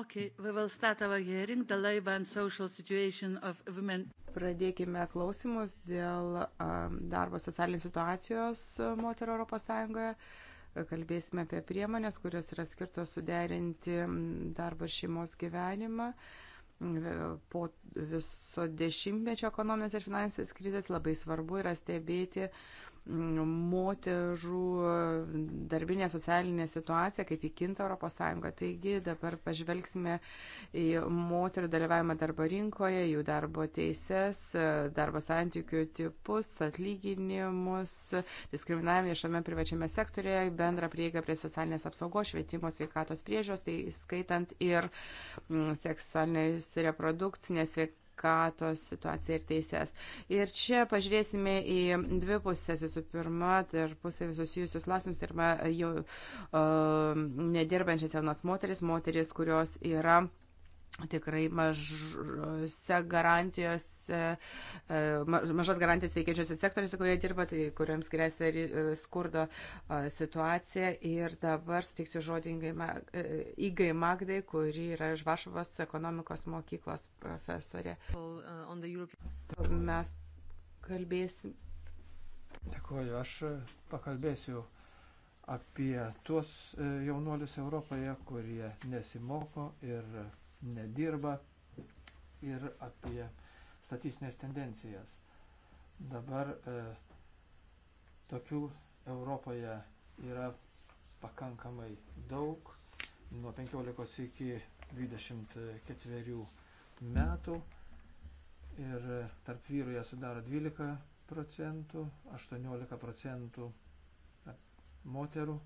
Okay, Pradėkime klausimus dėl um, darbo socialinės situacijos uh, moterų Europos Sąjungoje. Kalbėsime apie priemonės, kurios yra skirtos suderinti um, darbo ir šeimos gyvenimą um, po viso dešimtmečio ekonominės ir finansinės krizės labai svarbu yra stebėti moterų darbinė socialinė situacija, kaip įkinta ES. Taigi dabar pažvelgsime į moterų dalyvavimą darbo rinkoje, jų darbo teises, darbo santykių tipus, atlyginimus, diskriminavimą viešame privačiame sektorėje, bendrą prieigą prie socialinės apsaugos, švietimo, sveikatos priežios, tai skaitant ir mm, seksualinės reprodukcinės sveikatos sveikatos situaciją ir teises. Ir čia pažiūrėsime į dvi pusės. Visų pirma, tarpusavį susijusius klausimus, pirma, tai jau uh, nedirbančias jaunas moteris, moteris, kurios yra tikrai mažose garantijose, e, mažas garantijas veikiančiose sektoriuose, kurie dirba, tai kuriams grėsia e, skurdo e, situacija. Ir dabar sutiksiu žodį Igai Magdai, kuri yra iš Vašovos ekonomikos mokyklos profesorė. Mes kalbėsim. Dėkuoju, aš pakalbėsiu apie tuos jaunuolius Europoje, kurie nesimoko ir nedirba ir apie statistinės tendencijas. Dabar e, tokių Europoje yra pakankamai daug, nuo 15 iki 24 metų ir e, tarp vyrų jie sudaro 12 procentų, 18 procentų moterų.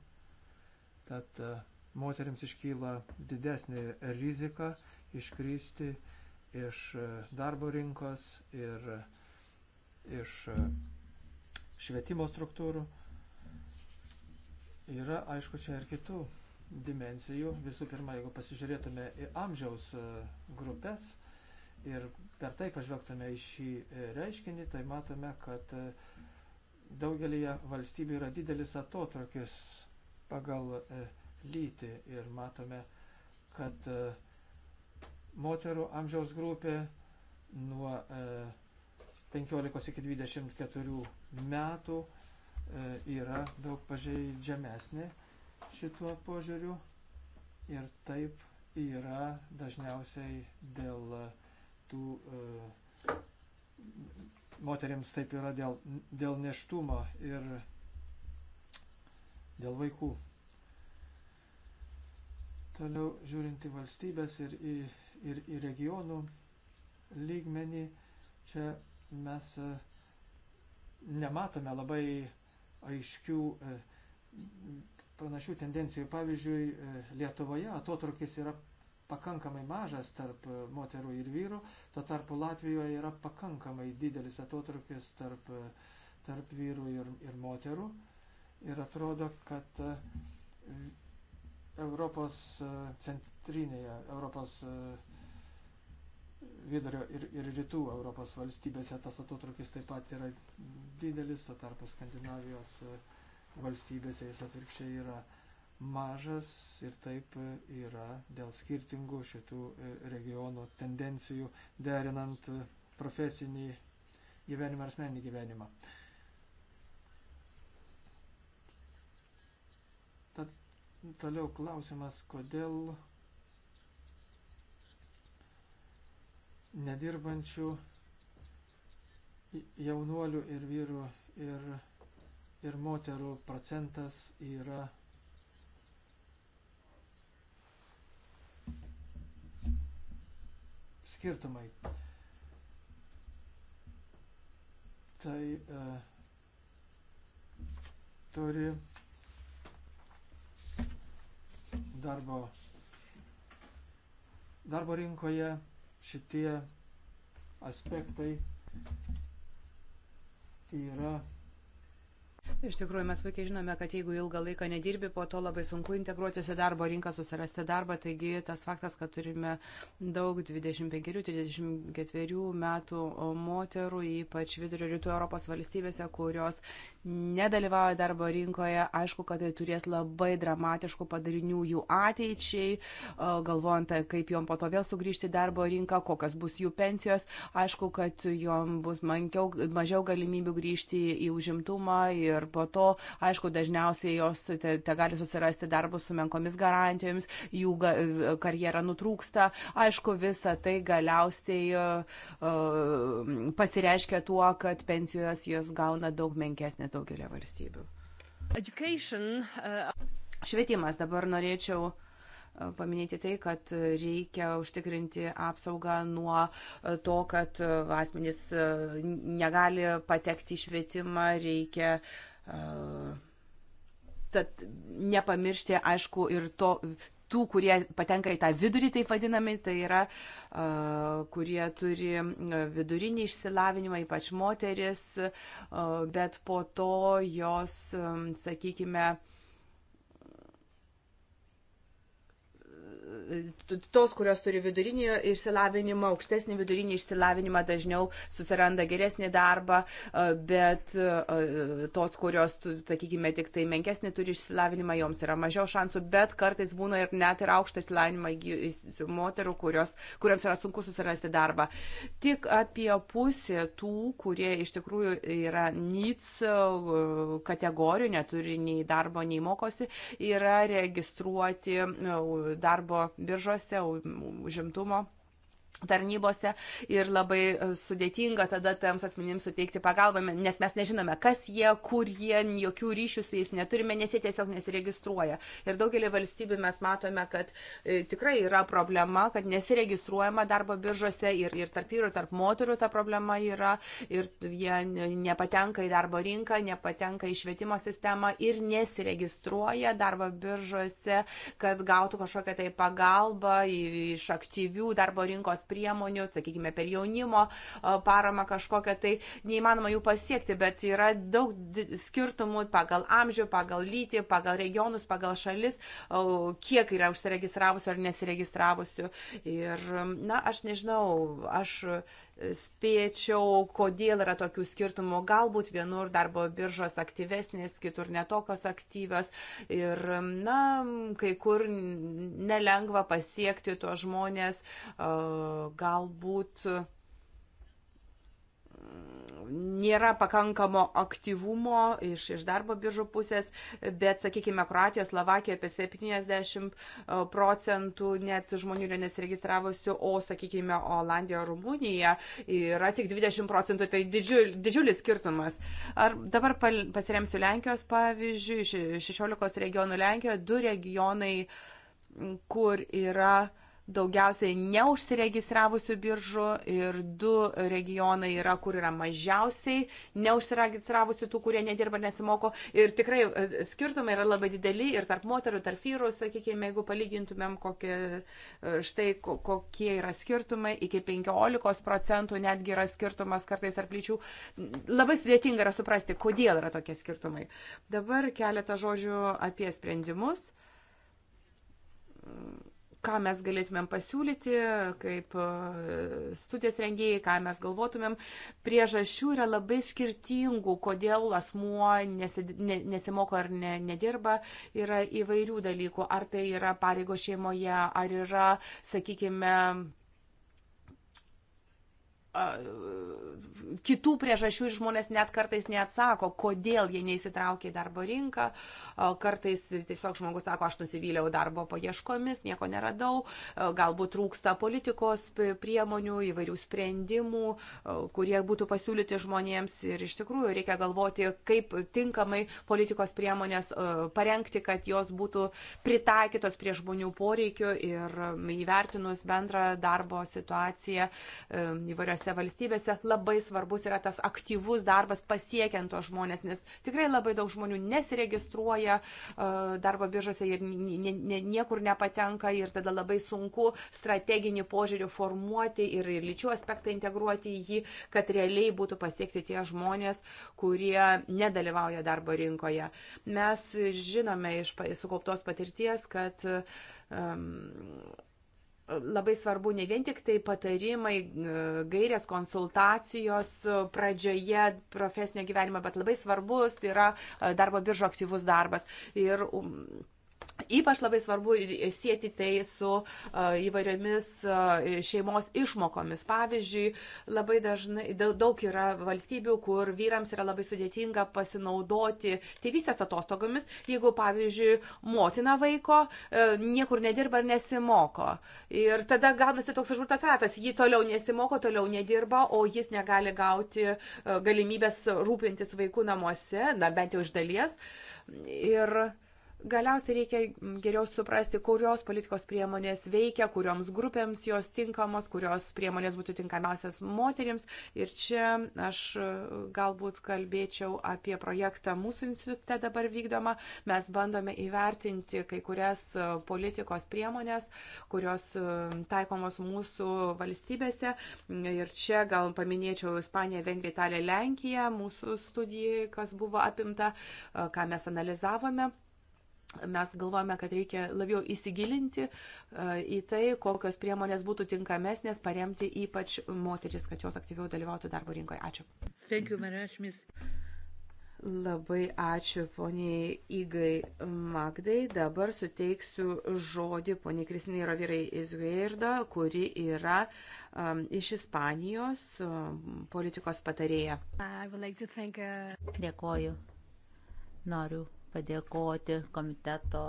Tad e, moteriams iškyla didesnė rizika iškrysti iš e, darbo rinkos ir e, iš e, švietimo struktūrų. Yra, aišku, čia ir kitų dimensijų. Visų pirma, jeigu pasižiūrėtume į amžiaus grupės ir per tai pažvelgtume į šį reiškinį, tai matome, kad daugelį valstybių yra didelis atotrukis pagal lytį ir matome, kad e, moterų amžiaus grupė nuo 15 e, iki 24 metų e, yra daug pažeidžiamesnė šituo požiūriu ir taip yra dažniausiai dėl tų moteriams taip yra dėl, dėl neštumo ir dėl vaikų. Toliau žiūrint į valstybės ir į, ir į regionų lygmenį, čia mes e, nematome labai aiškių e, panašių tendencijų. Pavyzdžiui, e, Lietuvoje atotrukis yra pakankamai mažas tarp moterų ir vyrų, tuo tarpu Latvijoje yra pakankamai didelis atotrukis tarp, tarp vyrų ir, ir moterų. Ir atrodo, kad Europos e, centrinėje, Europos e, vidurio ir, ir rytų Europos valstybėse tas atotrukis taip pat yra didelis, tuo tarpu Skandinavijos e, valstybėse jis atvirkščiai yra mažas ir taip yra dėl skirtingų šitų regionų tendencijų derinant profesinį gyvenimą ar asmenį gyvenimą. Toliau klausimas, kodėl nedirbančių jaunuolių ir vyrų ir, ir moterų procentas yra skirtumai. Tai e, turi darbo, darbo rinkoje šitie aspektai yra Iš tikrųjų, mes puikiai žinome, kad jeigu ilgą laiką nedirbi, po to labai sunku integruotis į darbo rinką, susirasti darbą. Taigi tas faktas, kad turime daug 25-34 metų moterų, ypač vidurio rytų Europos valstybėse, kurios nedalyvauja darbo rinkoje, aišku, kad tai turės labai dramatiškų padarinių jų ateičiai, galvojant, kaip jom po to vėl sugrįžti į darbo rinką, kokios bus jų pensijos. Aišku, kad jom bus mankiau, mažiau galimybių grįžti į užimtumą. Ir ir po to, aišku, dažniausiai jos te, te gali susirasti darbus su menkomis garantijomis, jų ga, karjera nutrūksta. Aišku, visa tai galiausiai uh, pasireiškia tuo, kad pensijos jos gauna daug menkesnės daugelio valstybių. Education, uh... Švietimas dabar norėčiau paminėti tai, kad reikia užtikrinti apsaugą nuo to, kad asmenys negali patekti į švietimą, reikia Tad nepamiršti, aišku, ir to, tų, kurie patenka į tą vidurį, taip vadinami, tai yra, uh, kurie turi vidurinį išsilavinimą, ypač moteris, uh, bet po to jos, um, sakykime, tos, kurios turi vidurinį išsilavinimą, aukštesnį vidurinį išsilavinimą dažniau susiranda geresnį darbą, bet tos, kurios, sakykime, tik tai menkesnį turi išsilavinimą, joms yra mažiau šansų, bet kartais būna ir net ir aukštą išsilavinimą moterų, kurios, kuriams yra sunku susirasti darbą. Tik apie pusė tų, kurie iš tikrųjų yra NITS kategorijų, neturi nei darbo, nei mokosi, yra registruoti darbo biržose, užimtumo tarnybose ir labai e, sudėtinga tada tiems asmenims suteikti pagalbą, nes mes nežinome, kas jie, kur jie, jokių ryšių su jais neturime, nes jie tiesiog nesiregistruoja. Ir daugelį valstybių mes matome, kad e, tikrai yra problema, kad nesiregistruojama darbo biržose ir, ir tarp vyrų, tarp moterų ta problema yra ir jie nepatenka į darbo rinką, nepatenka į švietimo sistemą ir nesiregistruoja darbo biržose, kad gautų kažkokią tai pagalbą iš aktyvių darbo rinkos priemonių, sakykime, per jaunimo paramą kažkokią, tai neįmanoma jų pasiekti, bet yra daug skirtumų pagal amžių, pagal lytį, pagal regionus, pagal šalis, kiek yra užsiregistravusių ar nesiregistravusių. Ir, na, aš nežinau, aš spėčiau, kodėl yra tokių skirtumų. Galbūt vienur darbo biržos aktyvesnės, kitur netokios aktyvios. Ir, na, kai kur nelengva pasiekti tuos žmonės. Galbūt. Uh, nėra pakankamo aktyvumo iš, iš darbo biržų pusės, bet, sakykime, Kroatija, Slovakija apie 70 e, procentų net žmonių yra nesiregistravusių, o, sakykime, Olandija, Rumunija yra tik 20 procentų, tai didžiul, didžiulis skirtumas. Ar dabar pasiremsiu Lenkijos pavyzdžiui, 16 regionų Lenkijoje, du regionai, kur yra uh, daugiausiai neužsiregistravusių biržų ir du regionai yra, kur yra mažiausiai neužsiregistravusių tų, kurie nedirba, nesimoko. Ir tikrai e, skirtumai yra labai dideli ir tarp moterų, tarp vyrų, sakykime, jeigu palygintumėm, kokie, e, štai kokie yra skirtumai, iki 15 procentų netgi yra skirtumas kartais ar plyčių. Labai sudėtinga yra suprasti, kodėl yra tokie skirtumai. Dabar keletą žodžių apie sprendimus ką mes galėtumėm pasiūlyti, kaip e, studijos rengėjai, ką mes galvotumėm. Priežasčių yra labai skirtingų, kodėl asmuo nesi, ne, nesimoko ar ne, nedirba, yra įvairių dalykų. Ar tai yra pareigo šeimoje, ar yra, sakykime, kitų priežasčių ir žmonės net kartais neatsako, kodėl jie neįsitraukia į darbo rinką. Kartais tiesiog žmogus sako, aš nusivyliau darbo paieškomis, nieko neradau, galbūt trūksta politikos priemonių, įvairių sprendimų, kurie būtų pasiūlyti žmonėms ir iš tikrųjų reikia galvoti, kaip tinkamai politikos priemonės parengti, kad jos būtų pritaikytos prie žmonių poreikių ir įvertinus bendrą darbo situaciją įvairiose skirtingose valstybėse labai svarbus yra tas aktyvus darbas pasiekiant tos žmonės, nes tikrai labai daug žmonių nesiregistruoja e, darbo biržose ir niekur nepatenka ir tada labai sunku strateginį požiūrį formuoti ir lyčių aspektą integruoti į jį, kad realiai būtų pasiekti tie žmonės, kurie nedalyvauja darbo rinkoje. Mes žinome iš sukauptos patirties, kad um, labai svarbu ne vien tik tai patarimai, e, gairės konsultacijos e, pradžioje profesinio gyvenimo, bet labai svarbus yra e, darbo biržo aktyvus darbas. Ir um, Ypač labai svarbu sėti tai su įvairiomis šeimos išmokomis. Pavyzdžiui, labai dažnai daug yra valstybių, kur vyrams yra labai sudėtinga pasinaudoti tėvystės atostogomis, jeigu, pavyzdžiui, motina vaiko e, niekur nedirba ir nesimoko. Ir tada gaunasi toks užburtas ratas, ji toliau nesimoko, toliau nedirba, o jis negali gauti e, galimybės rūpintis vaikų namuose, na bent jau iš dalies. Ir Galiausiai reikia geriau suprasti, kurios politikos priemonės veikia, kurioms grupėms jos tinkamos, kurios priemonės būtų tinkamiausias moterims. Ir čia aš e, galbūt kalbėčiau apie projektą mūsų institute dabar vykdomą. Mes bandome įvertinti kai kurias e, politikos priemonės, kurios e, taikomos mūsų valstybėse. Ir čia gal paminėčiau Ispaniją, Vengriją, Italiją, Lenkiją, mūsų studijai, kas buvo apimta, ką mes analizavome mes galvojame, kad reikia labiau įsigilinti e, į tai, kokios priemonės būtų tinkamesnės paremti ypač moteris, kad jos aktyviau dalyvautų darbo rinkoje. Ačiū. Thank you, Marašmis. Labai ačiū poniai Igai Magdai. Dabar suteiksiu žodį poniai Kristinai Rovirai Izguirdo, kuri yra um, iš Ispanijos um, politikos patarėja. Like thank, uh... Dėkoju. Noriu padėkoti komiteto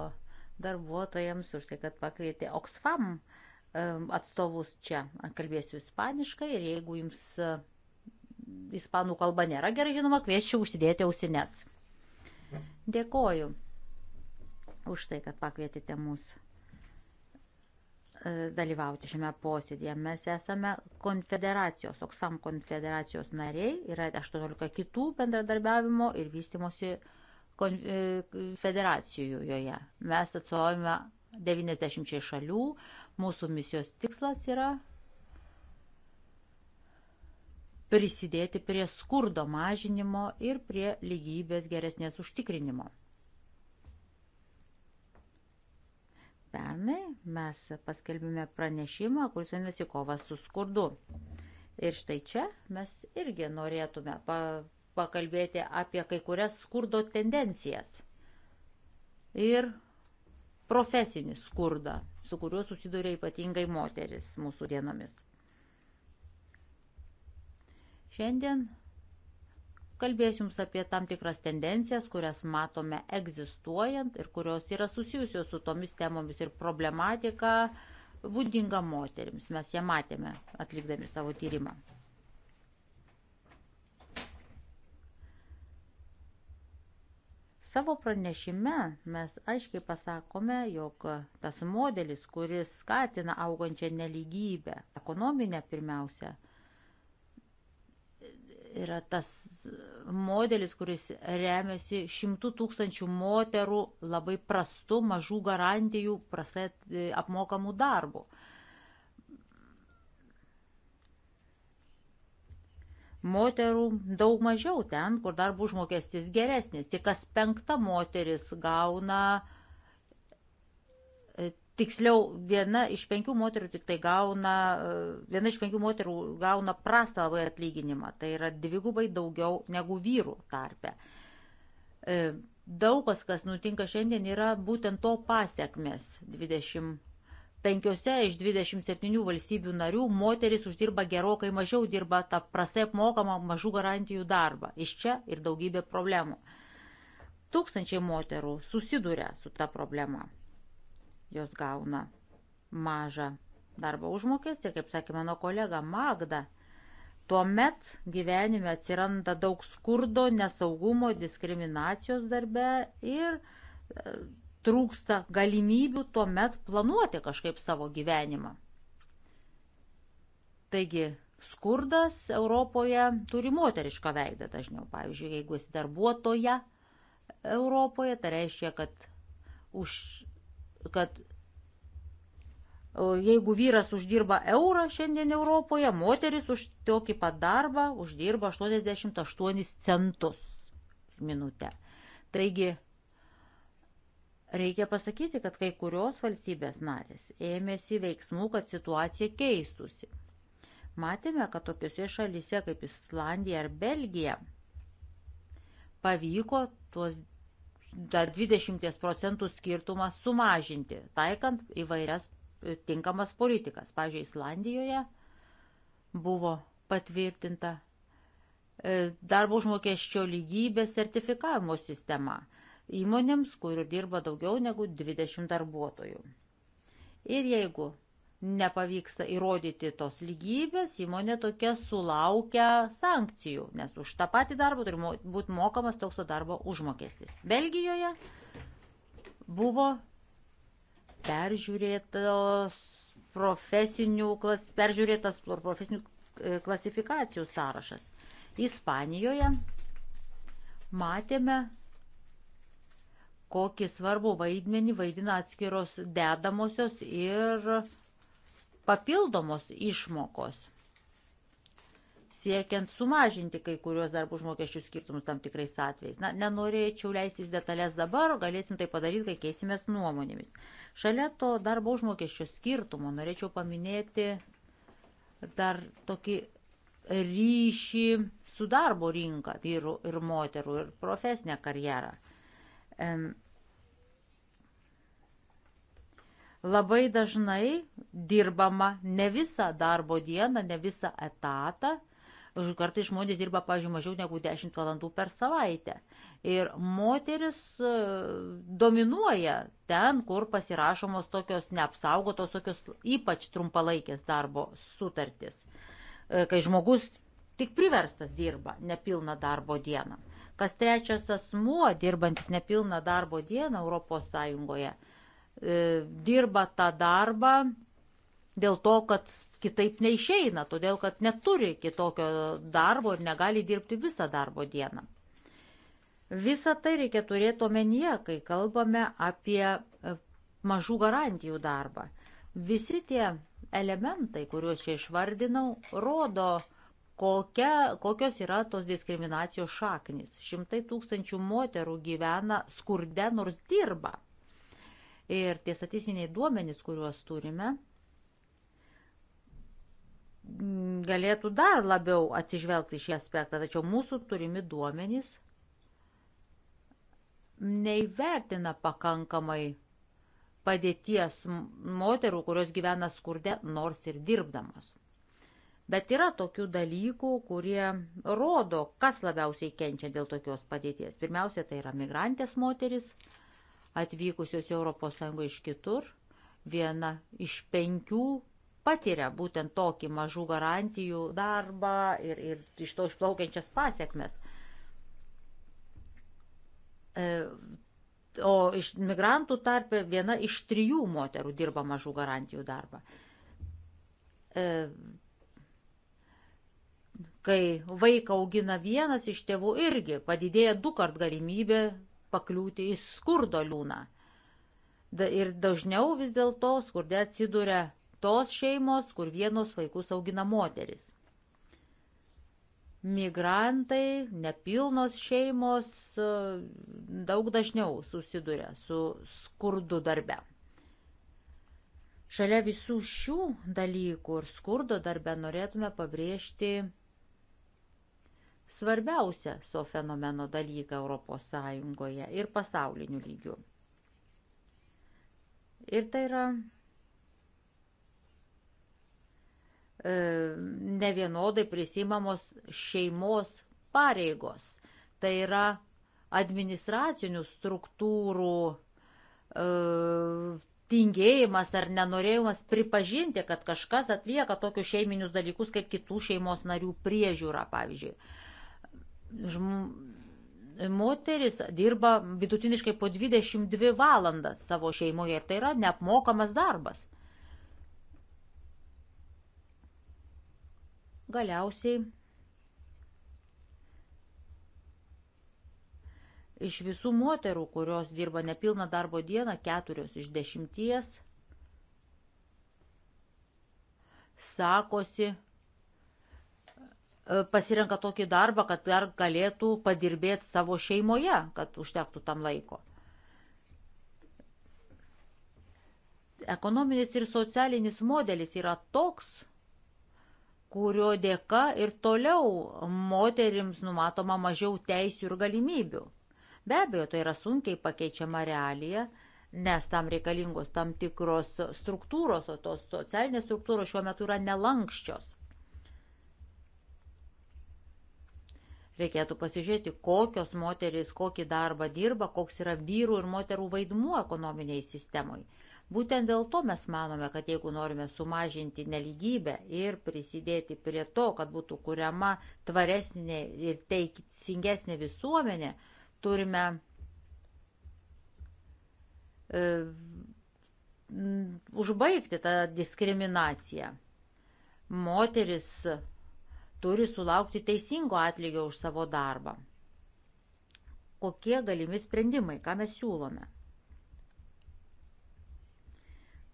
darbuotojams už tai, kad pakvietė Oxfam atstovus čia. Kalbėsiu ispaniškai ir jeigu jums e, ispanų kalba nėra gerai žinoma, kviečiu užsidėti ausines. Dėkoju už tai, kad pakvietėte mus e, dalyvauti šiame posėdėje. Mes esame konfederacijos, Oksfam konfederacijos nariai, yra 18 kitų bendradarbiavimo ir vystimosi organizacijų E, federacijų joje. Mes atsuojame 90 šalių, mūsų misijos tikslas yra prisidėti prie skurdo mažinimo ir prie lygybės geresnės užtikrinimo. Pernai mes paskelbėme pranešimą, kuris vadinasi kova su skurdu. Ir štai čia mes irgi norėtume pakalbėti apie kai kurias skurdo tendencijas ir profesinį skurdą, su kuriuo susiduria ypatingai moteris mūsų dienomis. Šiandien kalbėsiu Jums apie tam tikras tendencijas, kurias matome egzistuojant ir kurios yra susijusios su tomis temomis ir problematika būdinga moterims. Mes ją matėme atlikdami savo tyrimą. Savo pranešime mes aiškiai pasakome, jog tas modelis, kuris skatina augančią neligybę, ekonominę pirmiausia, yra tas modelis, kuris remiasi šimtų tūkstančių moterų labai prastu, mažų garantijų, prastai apmokamų darbų. Moterų daug mažiau ten, kur darbo užmokestis geresnis. Tik kas penkta moteris gauna, e, tiksliau, viena iš penkių moterų tik tai gauna, e, viena iš penkių moterų gauna prastą labai atlyginimą. Tai yra dvigubai daugiau negu vyrų tarpe. E, daug kas, kas nutinka šiandien, yra būtent to pasiekmes 20 penkiose iš 27 valstybių narių moteris uždirba gerokai mažiau, dirba tą prastai apmokamą mažų garantijų darbą. Iš čia ir daugybė problemų. Tūkstančiai moterų susiduria su ta problema. Jos gauna mažą darbo užmokestį ir, kaip sakė mano kolega Magda, tuomet gyvenime atsiranda daug skurdo, nesaugumo, diskriminacijos darbe ir e, trūksta galimybių tuomet planuoti kažkaip savo gyvenimą. Taigi, skurdas Europoje turi moterišką veidą dažniau. Pavyzdžiui, jeigu esi darbuotoja Europoje, tai reiškia, kad, už, kad jeigu vyras uždirba eurą šiandien Europoje, moteris už tokį pat darbą uždirba 88 centus minutę. Taigi, Reikia pasakyti, kad kai kurios valstybės narės ėmėsi veiksmų, kad situacija keistusi. Matėme, kad tokiuose šalyse kaip Islandija ar Belgija pavyko tuos dar 20 procentų skirtumą sumažinti, taikant įvairias e, tinkamas politikas. Pavyzdžiui, Islandijoje buvo patvirtinta e, darbo užmokesčio lygybės sertifikavimo sistema įmonėms, kurių dirba daugiau negu 20 darbuotojų. Ir jeigu nepavyksta įrodyti tos lygybės, įmonė tokia sulaukia sankcijų, nes už tą patį darbą turi būti mokamas toks to darbo užmokestis. Belgijoje buvo peržiūrėtos profesinių, klas, peržiūrėtas profesinių e, klasifikacijų sąrašas. Ispanijoje matėme, kokį svarbų vaidmenį vaidina atskiros dedamosios ir papildomos išmokos, siekiant sumažinti kai kurios darbų užmokesčių skirtumus tam tikrais atvejais. Na, nenorėčiau leistis detalės dabar, galėsim tai padaryti, kai keisimės nuomonėmis. Šalia to darbo užmokesčio skirtumo norėčiau paminėti dar tokį ryšį su darbo rinka vyrų ir moterų ir profesinę karjerą. Labai dažnai dirbama ne visą darbo dieną, ne visą etatą. Kartai žmonės dirba, pažiūrėjau, mažiau negu 10 valandų per savaitę. Ir moteris e, dominuoja ten, kur pasirašomos tokios neapsaugotos, tokios ypač trumpalaikės darbo sutartys, e, kai žmogus tik priverstas dirba nepilną darbo dieną. Kas trečias asmuo, dirbantis nepilną darbo dieną ES, e, dirba tą darbą dėl to, kad kitaip neišeina, todėl kad neturi kitokio darbo ir negali dirbti visą darbo dieną. Visą tai reikia turėti omenyje, kai kalbame apie e, mažų garantijų darbą. Visi tie elementai, kuriuos čia išvardinau, rodo, kokia, kokios yra tos diskriminacijos šaknis. Šimtai tūkstančių moterų gyvena skurde, nors dirba. Ir tie statistiniai duomenys, kuriuos turime, galėtų dar labiau atsižvelgti šį aspektą, tačiau mūsų turimi duomenys neįvertina pakankamai padėties moterų, kurios gyvena skurde, nors ir dirbdamas. Bet yra tokių dalykų, kurie rodo, kas labiausiai kenčia dėl tokios padėties. Pirmiausia, tai yra migrantės moteris, atvykusios į ES iš kitur. Viena iš penkių patiria būtent tokį mažų garantijų darbą ir, ir iš to išplaukiančias pasiekmes. E, o iš migrantų tarpe viena iš trijų moterų dirba mažų garantijų darbą. E, kai vaiką augina vienas iš tėvų, irgi padidėja du kart galimybė pakliūti į skurdo liūną. Da, ir dažniau vis dėlto skurde atsiduria tos šeimos, kur vienos vaikus augina moteris. Migrantai, nepilnos šeimos e, daug dažniau susiduria su skurdu darbe. Šalia visų šių dalykų ir skurdo darbe norėtume pabrėžti svarbiausią so fenomeno dalyką ES ir pasauliniu lygiu. Ir tai yra e, nevienodai prisimamos šeimos pareigos. Tai yra administracinių struktūrų e, tingėjimas ar nenorėjimas pripažinti, kad kažkas atlieka tokius šeiminius dalykus kaip kitų šeimos narių priežiūra, pavyzdžiui žm... moteris dirba vidutiniškai po 22 valandas savo šeimoje ir tai yra neapmokamas darbas. Galiausiai iš visų moterų, kurios dirba nepilną darbo dieną, keturios iš dešimties sakosi E, pasirenka tokį darbą, kad dar galėtų padirbėti savo šeimoje, kad užtektų tam laiko. Ekonominis ir socialinis modelis yra toks, kurio dėka ir toliau moterims numatoma mažiau teisių ir galimybių. Be abejo, tai yra sunkiai pakeičiama realija, nes tam reikalingos tam tikros struktūros, o tos socialinės struktūros šiuo metu yra nelankščios. Reikėtų pasižiūrėti, kokios moterys kokį darbą dirba, koks yra vyrų ir moterų vaidmuo ekonominiai sistemai. Būtent dėl to mes manome, kad jeigu norime sumažinti neligybę ir prisidėti prie to, kad būtų kuriama tvaresnė ir teisingesnė visuomenė, turime e, užbaigti tą diskriminaciją. Moteris turi sulaukti teisingo atlygio už savo darbą. Kokie galimi sprendimai, ką mes siūlome?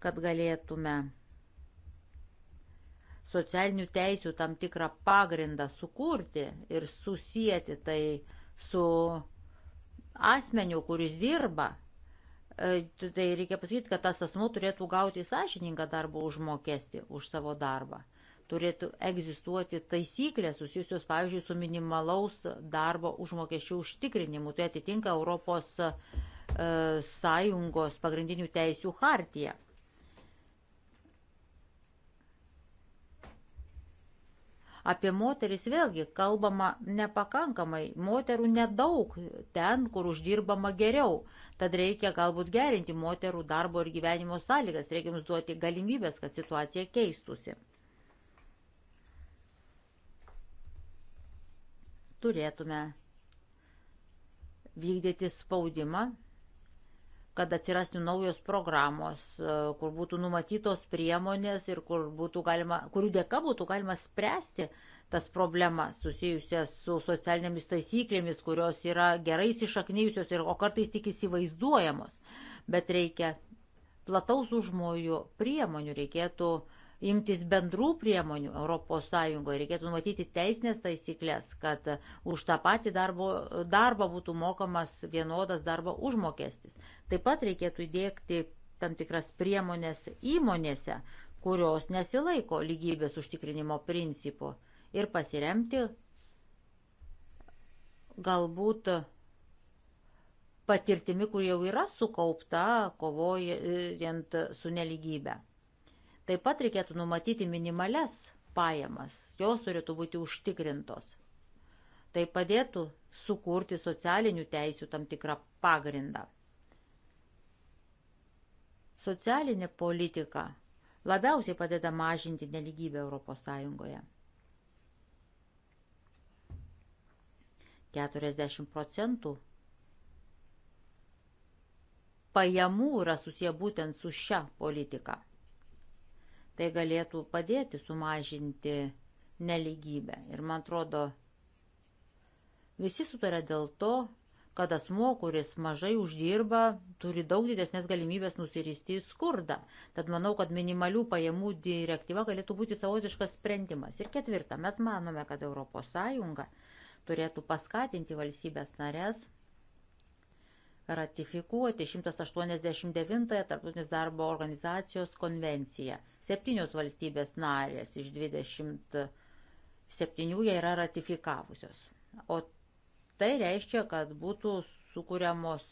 Kad galėtume socialinių teisių tam tikrą pagrindą sukurti ir susijęti tai su asmeniu, kuris dirba, e, tai reikia pasakyti, kad tas asmuo turėtų gauti sąžiningą darbo užmokestį už savo darbą turėtų egzistuoti taisyklės susijusios, pavyzdžiui, su minimalaus darbo užmokesčių užtikrinimu. Tai atitinka Europos e, Sąjungos pagrindinių teisių hartiją. Apie moteris vėlgi kalbama nepakankamai, moterų nedaug ten, kur uždirbama geriau. Tad reikia galbūt gerinti moterų darbo ir gyvenimo sąlygas, reikia jums duoti galimybės, kad situacija keistusi. turėtume vykdyti spaudimą, kad atsirastų naujos programos, e, kur būtų numatytos priemonės ir kur būtų galima, kurių dėka būtų galima spręsti tas problemas susijusias su socialinėmis taisyklėmis, kurios yra gerai įsišaknyjusios ir o kartais tik įsivaizduojamos. Bet reikia plataus užmojų priemonių, reikėtų uh, imtis bendrų priemonių ES, reikėtų numatyti teisinės taisyklės, kad už tą patį darbo, darbą būtų mokamas vienodas darbo užmokestis. Taip pat reikėtų įdėkti tam tikras priemonės įmonėse, kurios nesilaiko lygybės užtikrinimo principų ir pasiremti galbūt patirtimi, kur jau yra sukaupta kovojant su neligybė. Taip pat reikėtų numatyti minimales pajamas, jos turėtų būti užtikrintos. Tai padėtų sukurti socialinių teisių tam tikrą pagrindą. Socialinė politika labiausiai padeda mažinti neligybę Europos Sąjungoje. 40 procentų pajamų yra susiję būtent su šia politika. Tai galėtų padėti sumažinti neligybę. Ir man atrodo, visi sutarė dėl to, kad asmo, kuris mažai uždirba, turi daug didesnės galimybės nusiristi į skurdą. Tad manau, kad minimalių pajamų direktyva galėtų būti savotiškas sprendimas. Ir ketvirta, mes manome, kad ES turėtų paskatinti valstybės narės ratifikuoti 189-ąją Tartutinės darbo organizacijos konvenciją Septynios valstybės narės iš 27 jie yra ratifikavusios. O tai reiškia, kad būtų sukūriamos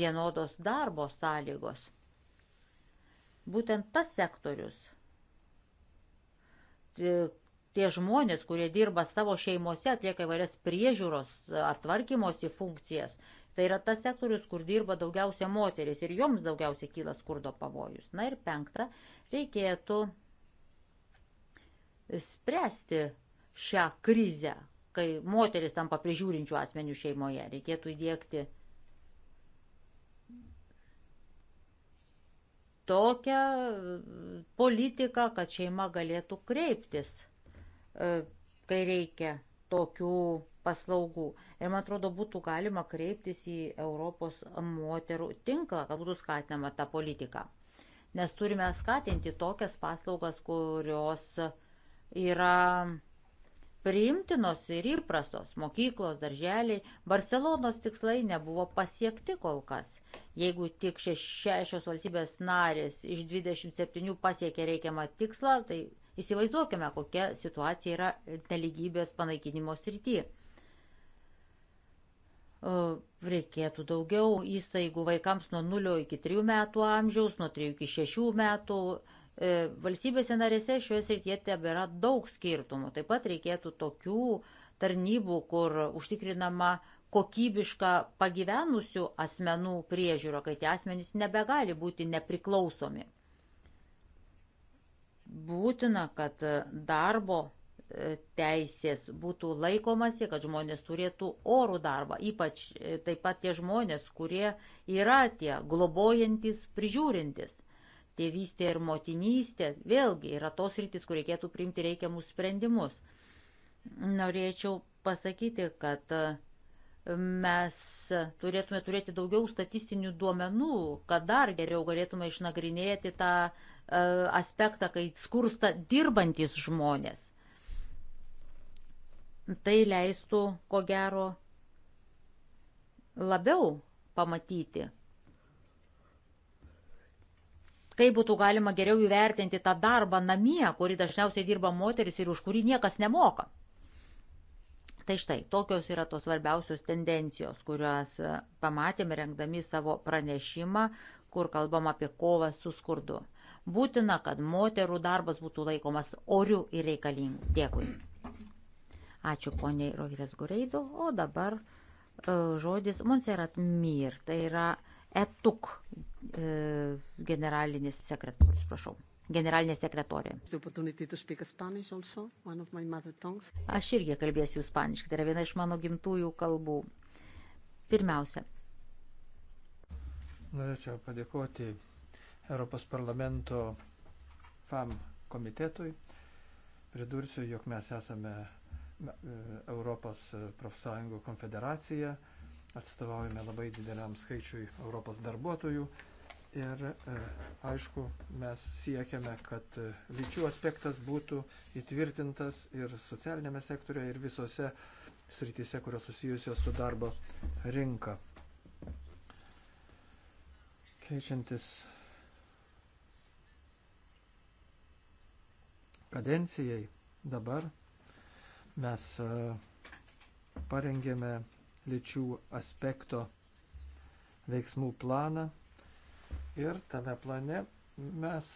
vienodos darbo sąlygos. Būtent tas sektorius, tie žmonės, kurie dirba savo šeimose, atlieka įvairias priežiūros ar tvarkymosi funkcijas, Tai yra tas sektorius, kur dirba daugiausia moteris ir joms daugiausia kyla skurdo pavojus. Na ir penkta, reikėtų spręsti šią krizę, kai moteris tampa prižiūrinčių asmenių šeimoje. Reikėtų įdėkti tokią politiką, kad šeima galėtų kreiptis, e, kai reikia tokių paslaugų. Ir man atrodo, būtų galima kreiptis į Europos moterų tinklą, kad būtų skatinama ta politika. Nes turime skatinti tokias paslaugas, kurios yra priimtinos ir įprastos - mokyklos, darželiai. Barcelonos tikslai nebuvo pasiekti kol kas. Jeigu tik šešios valstybės narės iš 27 pasiekė reikiamą tikslą, tai Įsivaizduokime, kokia situacija yra neligybės panaikinimo srityje reikėtų daugiau įstaigų vaikams nuo 0 iki 3 metų amžiaus, nuo 3 iki 6 metų. E, valstybėse narėse šioje srityje tebėra daug skirtumų. Taip pat reikėtų tokių tarnybų, kur užtikrinama kokybiška pagyvenusių asmenų priežiūra, kai tie asmenys nebegali būti nepriklausomi būtina, kad e, darbo e, teisės būtų laikomasi, kad žmonės turėtų orų darbą, ypač e, taip pat tie žmonės, kurie yra tie globojantis, prižiūrintis. Tėvystė ir motinystė vėlgi yra tos rytis, kur reikėtų priimti reikiamus sprendimus. Norėčiau pasakyti, kad mes turėtume turėti daugiau statistinių duomenų, kad dar geriau galėtume išnagrinėti tą E, aspektą, kai skursta dirbantis žmonės. Tai leistų, ko gero, labiau pamatyti, kaip būtų galima geriau įvertinti tą darbą namie, kurį dažniausiai dirba moteris ir už kurį niekas nemoka. Tai štai, tokios yra tos svarbiausios tendencijos, kurias e, pamatėme rengdami savo pranešimą, kur kalbam apie kovą su skurdu. Būtina, kad moterų darbas būtų laikomas orių ir reikalingų. Dėkui. Ačiū poniai Rovirės Gureido, o dabar uh, žodis Monserat Mir, tai yra ETUK uh, e, generalinis sekretorius, prašau. Generalinė sekretorė. Aš irgi kalbėsiu ispaniškai, tai yra viena iš mano gimtųjų kalbų. Pirmiausia. Norėčiau padėkoti Europos parlamento FAM komitetui. Pridursiu, jog mes esame e, Europos profsąjungų konfederacija, atstovaujame labai dideliam skaičiui Europos darbuotojų ir e, aišku, mes siekiame, kad e, lyčių aspektas būtų įtvirtintas ir socialinėme sektorioje, ir visose srityse, kurios susijusios su darbo rinka. Keičiantis kadencijai dabar mes e, parengėme lyčių aspekto veiksmų planą ir tame plane mes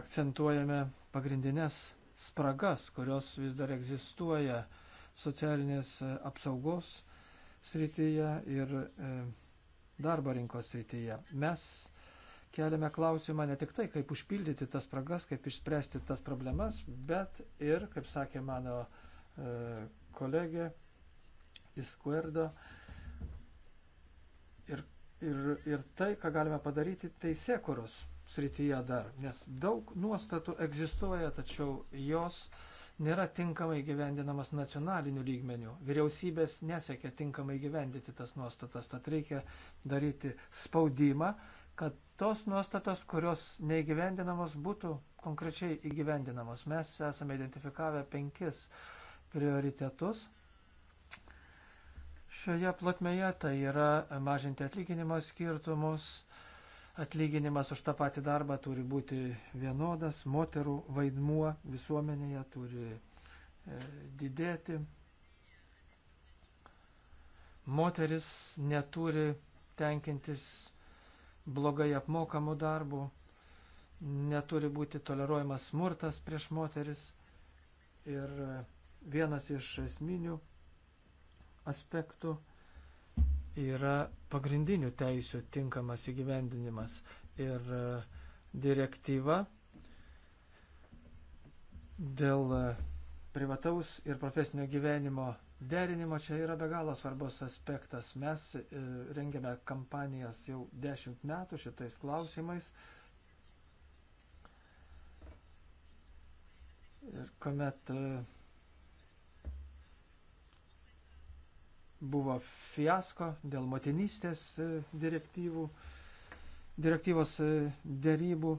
akcentuojame pagrindinės spragas, kurios vis dar egzistuoja socialinės e, apsaugos srityje ir e, darbo rinkos srityje. Mes keliame klausimą ne tik tai, kaip užpildyti tas spragas, kaip išspręsti tas problemas, bet ir, kaip sakė mano e, kolegė Iskuerdo, ir, ir, ir tai, ką galime padaryti teisėkuros srityje dar, nes daug nuostatų egzistuoja, tačiau jos nėra tinkamai gyvendinamas nacionaliniu lygmeniu. Vyriausybės nesiekia tinkamai gyvendyti tas nuostatas, tad reikia daryti spaudimą, kad tos nuostatos, kurios neįgyvendinamos, būtų konkrečiai įgyvendinamos. Mes esame identifikavę penkis prioritetus. Šioje plotmėje tai yra mažinti atlyginimo skirtumus, atlyginimas už tą patį darbą turi būti vienodas, moterų vaidmuo visuomenėje turi e, didėti. Moteris neturi tenkintis blogai apmokamų darbų, neturi būti toleruojamas smurtas prieš moteris. Ir vienas iš esminių aspektų yra pagrindinių teisių tinkamas įgyvendinimas. Ir e, direktyva dėl e, privataus ir profesinio gyvenimo derinimo čia yra be galo svarbus aspektas. Mes e, rengiame kampanijas jau dešimt metų šitais klausimais. Ir kuomet e, buvo fiasko dėl motinystės e, direktyvų, direktyvos dėrybų,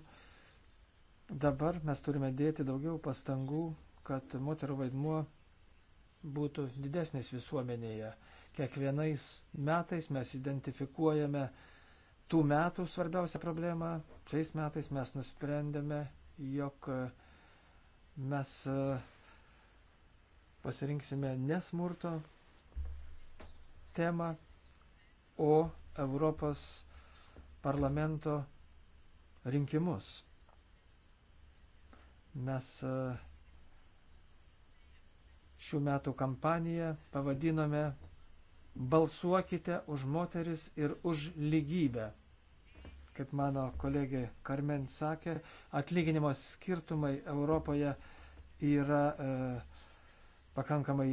dabar mes turime dėti daugiau pastangų, kad moterų vaidmuo būtų didesnis visuomenėje. Kiekvienais metais mes identifikuojame tų metų svarbiausią problemą. Šiais metais mes nusprendėme, jog mes e, pasirinksime nesmurto temą, o Europos parlamento rinkimus. Mes uh, šių metų kampaniją pavadinome Balsuokite už moteris ir už lygybę. Kaip mano kolegė Karmen sakė, atlyginimo skirtumai Europoje yra e, pakankamai,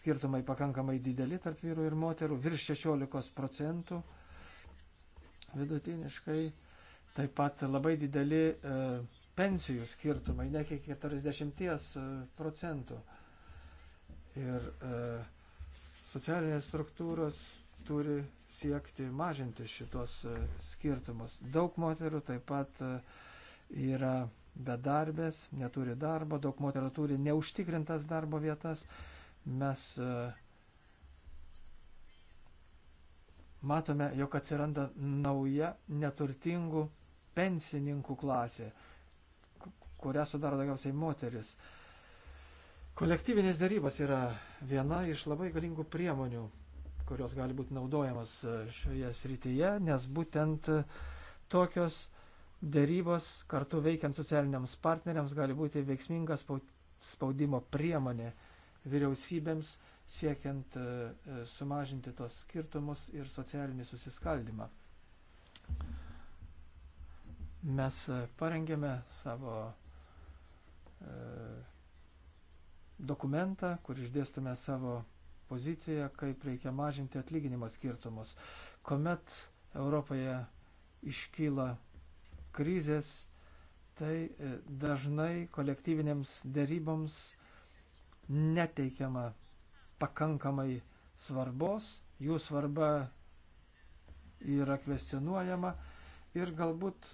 skirtumai pakankamai dideli tarp vyrų ir moterų, virš 16 procentų vidutiniškai. Taip pat labai dideli e, pensijų skirtumai, ne iki 40 e, procentų. E, ir e, socialinės struktūros turi siekti mažinti šitos e, skirtumus. Daug moterų taip pat e, yra bedarbės, neturi darbo, daug moterų turi neužtikrintas darbo vietas. Mes e, matome, jog atsiranda nauja neturtingų pensininkų klasė, kurią sudaro daugiausiai moteris. E, Kolektyvinės darybos yra viena iš labai galingų priemonių, kurios gali būti naudojamas e, šioje srityje, nes būtent e, tokios darybos kartu veikiant socialiniams partneriams gali būti veiksmingas spaudimo priemonė vyriausybėms siekiant e, sumažinti tos skirtumus ir socialinį susiskaldimą. Mes parengėme savo dokumentą, kur išdėstume savo poziciją, kaip reikia mažinti atlyginimo skirtumus. Komet Europoje iškyla krizės, tai e, dažnai kolektyvinėms dėryboms neteikiama pakankamai svarbos, jų svarba yra kvestionuojama ir galbūt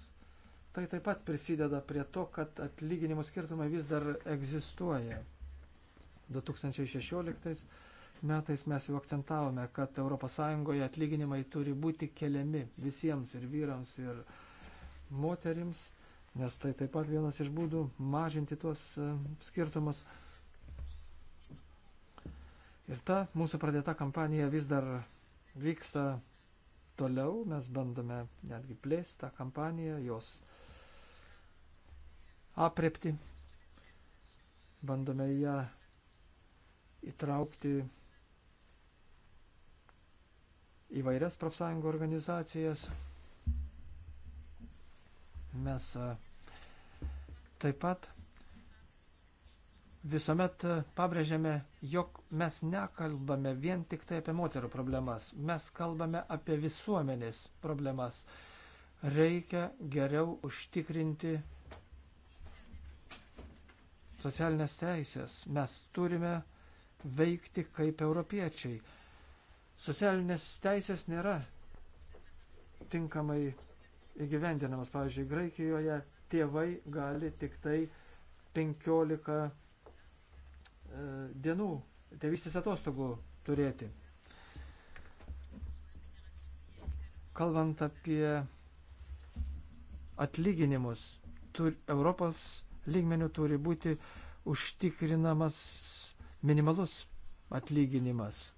tai taip pat prisideda prie to, kad atlyginimų skirtumai vis dar egzistuoja. 2016 metais mes jau akcentavome, kad ES atlyginimai turi būti keliami visiems ir vyrams ir moterims, nes tai taip pat vienas iš būdų mažinti tuos e, skirtumus. Ir ta mūsų pradėta kampanija vis dar vyksta toliau, mes bandome netgi plėsti tą kampaniją, jos aprepti, bandome ją įtraukti įvairias profsąjungų organizacijas. Mes taip pat visuomet pabrėžiame, jog mes nekalbame vien tik tai apie moterų problemas, mes kalbame apie visuomenės problemas. Reikia geriau užtikrinti socialinės teisės. Mes turime veikti kaip europiečiai. Socialinės teisės nėra tinkamai įgyvendinamas. Pavyzdžiui, Graikijoje tėvai gali tik tai 15 e, dienų tėvystės atostogų turėti. Kalbant apie atlyginimus, tur, Europos lygmenių turi būti užtikrinamas minimalus atlyginimas.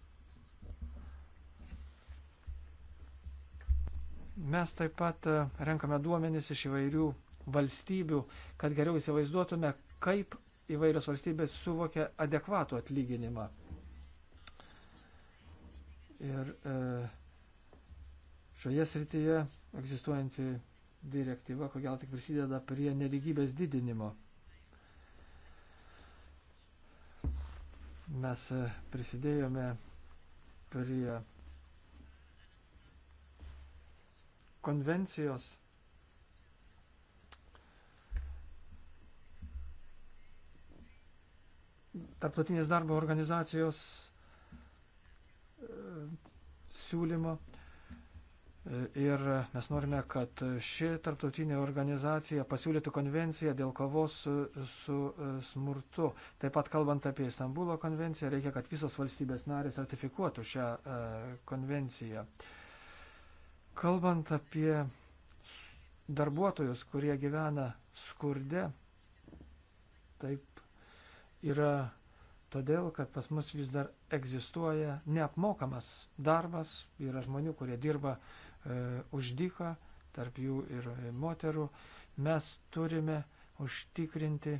Mes taip pat e, renkame duomenis iš įvairių valstybių, kad geriau įsivaizduotume, kaip įvairios valstybės suvokia adekvatų atlyginimą. Ir e, šioje srityje egzistuojanti direktyva, ko gero tik prisideda prie neligybės didinimo. mes e, prisidėjome prie konvencijos Tarptautinės darbo organizacijos e, siūlymo Ir mes norime, kad ši tarptautinė organizacija pasiūlytų konvenciją dėl kovos su, su e, smurtu. Taip pat kalbant apie Istanbulo konvenciją, reikia, kad visos valstybės narės ratifikuotų šią e, konvenciją. Kalbant apie darbuotojus, kurie gyvena skurde, taip yra todėl, kad pas mus vis dar egzistuoja neapmokamas darbas, yra žmonių, kurie dirba e, E, uždyka, tarp jų ir moterų, mes turime užtikrinti,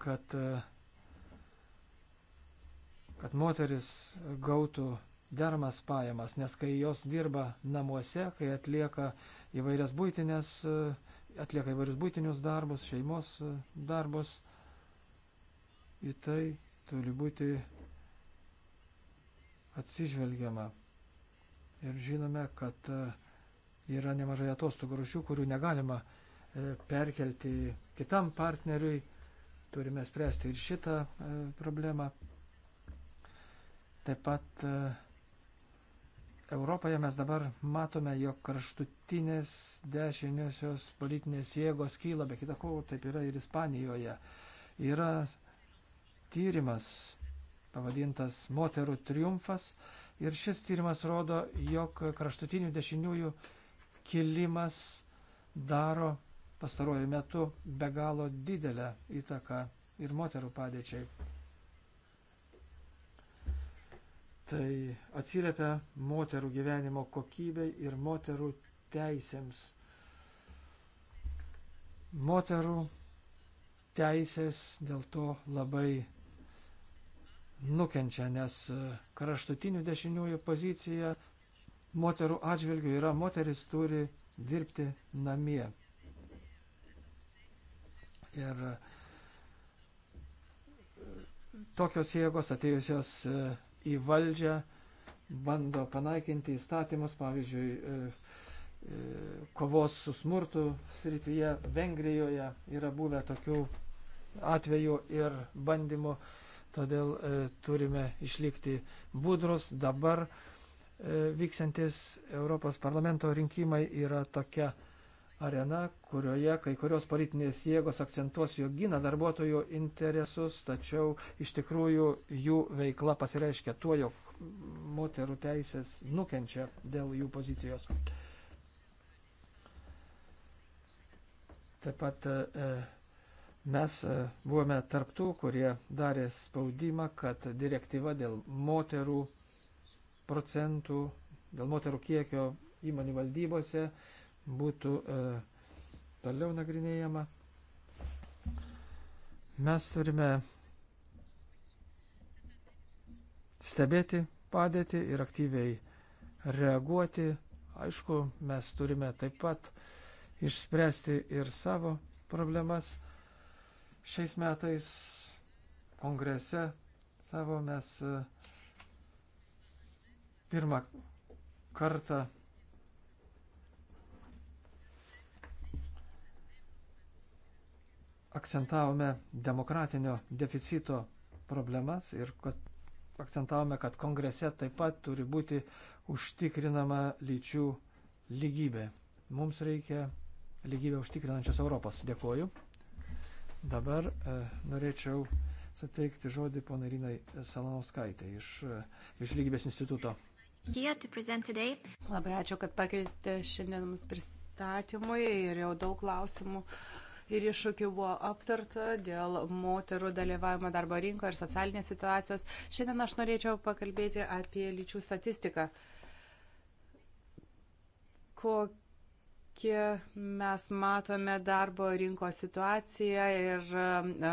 kad, e, kad moteris gautų dermas pajamas, nes kai jos dirba namuose, kai atlieka įvairias būtinės, e, atlieka įvairius būtinius darbus, šeimos darbus, į tai turi būti atsižvelgiama ir žinome, kad e, yra nemažai atostogų rušių, kurių negalima e, perkelti kitam partneriui. Turime spręsti ir šitą e, problemą. Taip pat Europoje mes dabar matome, jog kraštutinės dešiniosios politinės jėgos kyla, be kita ko, taip yra ir Ispanijoje. Yra tyrimas pavadintas Moterų triumfas, Ir šis tyrimas rodo, jog kraštutinių dešiniųjų kilimas daro pastaruoju metu be galo didelę įtaką ir moterų padėčiai. Tai atsiliepia moterų gyvenimo kokybei ir moterų teisėms. Moterų teisės dėl to labai nukenčia, nes e, kraštutinių dešiniųjų pozicija moterų atžvilgių yra moteris turi dirbti namie. Ir e, tokios jėgos atėjusios e, į valdžią bando panaikinti įstatymus, pavyzdžiui, kovos su smurtu srityje, Vengrijoje yra buvę tokių atvejų ir bandymų uh, todėl e, turime išlikti budrus. Dabar e, vyksiantis Europos parlamento rinkimai yra tokia arena, kurioje kai kurios politinės jėgos akcentuos, jog gina darbuotojų interesus, tačiau iš tikrųjų jų veikla pasireiškia tuo, jog moterų teisės nukenčia dėl jų pozicijos. Taip pat e, Mes e, buvome tarptų, kurie darė spaudimą, kad direktyva dėl moterų procentų, dėl moterų kiekio įmonių valdybose būtų e, toliau nagrinėjama. Mes turime stebėti padėtį ir aktyviai reaguoti. Aišku, mes turime taip pat išspręsti ir savo problemas. Šiais metais kongrese savo mes e, pirmą kartą akcentavome demokratinio deficito problemas ir kad akcentavome, kad kongrese taip pat turi būti užtikrinama lyčių lygybė. Mums reikia lygybę užtikrinančios Europos. Dėkuoju. Dabar e, norėčiau suteikti žodį ponarinai Salanauskaitė iš, e, iš lygybės instituto. Labai ačiū, kad pakeitė šiandien mums pristatymui ir jau daug klausimų ir iššūkių buvo aptarta dėl moterų dalyvavimo darbo rinkoje ir socialinės situacijos. Šiandien aš norėčiau pakalbėti apie lyčių statistiką. Kokia kokie mes matome darbo rinkos situaciją ir e,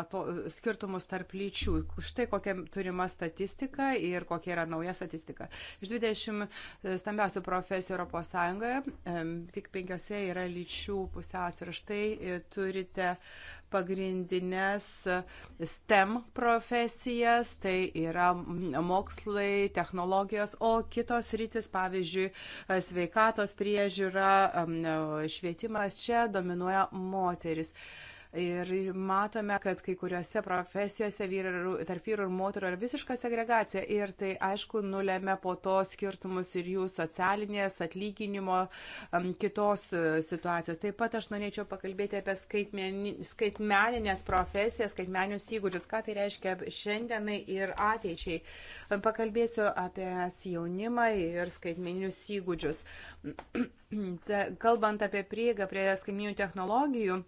ato, skirtumus tarp lyčių. Štai kokia turima statistika ir kokia yra nauja statistika. Iš 20 stambiausių profesijų ES tik penkiose yra lyčių pusiausvyrą. Štai e, turite uh, pagrindinės STEM profesijas, tai yra mokslai, technologijos, o kitos rytis, pavyzdžiui, sveikatos priežiūra, švietimas, čia dominuoja moteris. Ir matome, kad kai kuriuose profesijose vyrų, tarp vyrų ir moterų yra visiška segregacija. Ir tai, aišku, nulėmė po to skirtumus ir jų socialinės, atlyginimo, kitos e, situacijos. Taip pat aš norėčiau pakalbėti apie skaitmeninės profesijas, skaitmeninius įgūdžius, ką tai reiškia šiandienai ir ateičiai. Pakalbėsiu apie jaunimą ir skaitmeninius įgūdžius. Kalbant apie prieigą prie skaitmeninių technologijų,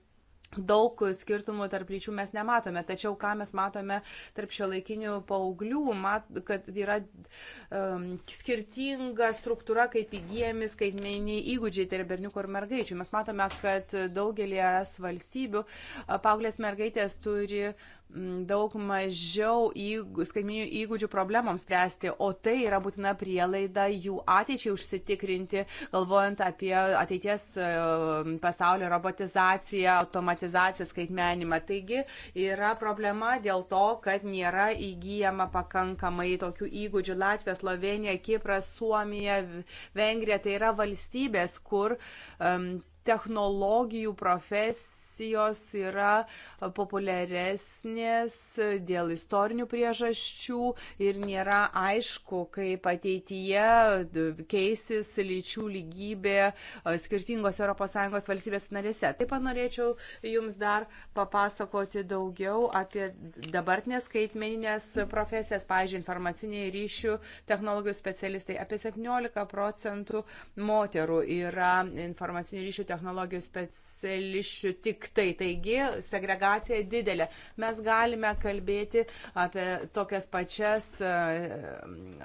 Daug skirtumų tarp lyčių mes nematome, tačiau ką mes matome tarp šio laikinių paauglių, mat, kad yra um, skirtinga struktūra, kaip įgyjami skaitmeniai įgūdžiai tarp berniukų ir mergaičių. Mes matome, kad daugelį es valstybių paauglės mergaitės turi daug mažiau įgų, skaitminių įgūdžių problemoms spręsti, o tai yra būtina prielaida jų ateičiai užsitikrinti, galvojant apie ateities e, pasaulio robotizaciją, automatizaciją, skaitmenimą. Taigi yra problema dėl to, kad nėra įgyjama pakankamai tokių įgūdžių Latvija, Slovenija, Kipras, Suomija, Vengrija. Tai yra valstybės, kur um, technologijų profesija versijos yra populiaresnės dėl istorinių priežasčių ir nėra aišku, kaip ateityje keisis lyčių lygybė e, skirtingos ES valstybės narėse. Taip pat norėčiau Jums dar papasakoti daugiau apie dabartinės skaitmeninės profesijas, pavyzdžiui, informaciniai ryšių technologijų specialistai. Apie 17 procentų moterų yra informacinių ryšių technologijų specialistų tik konfliktai, taigi segregacija didelė. Mes galime kalbėti apie tokias pačias, e, e,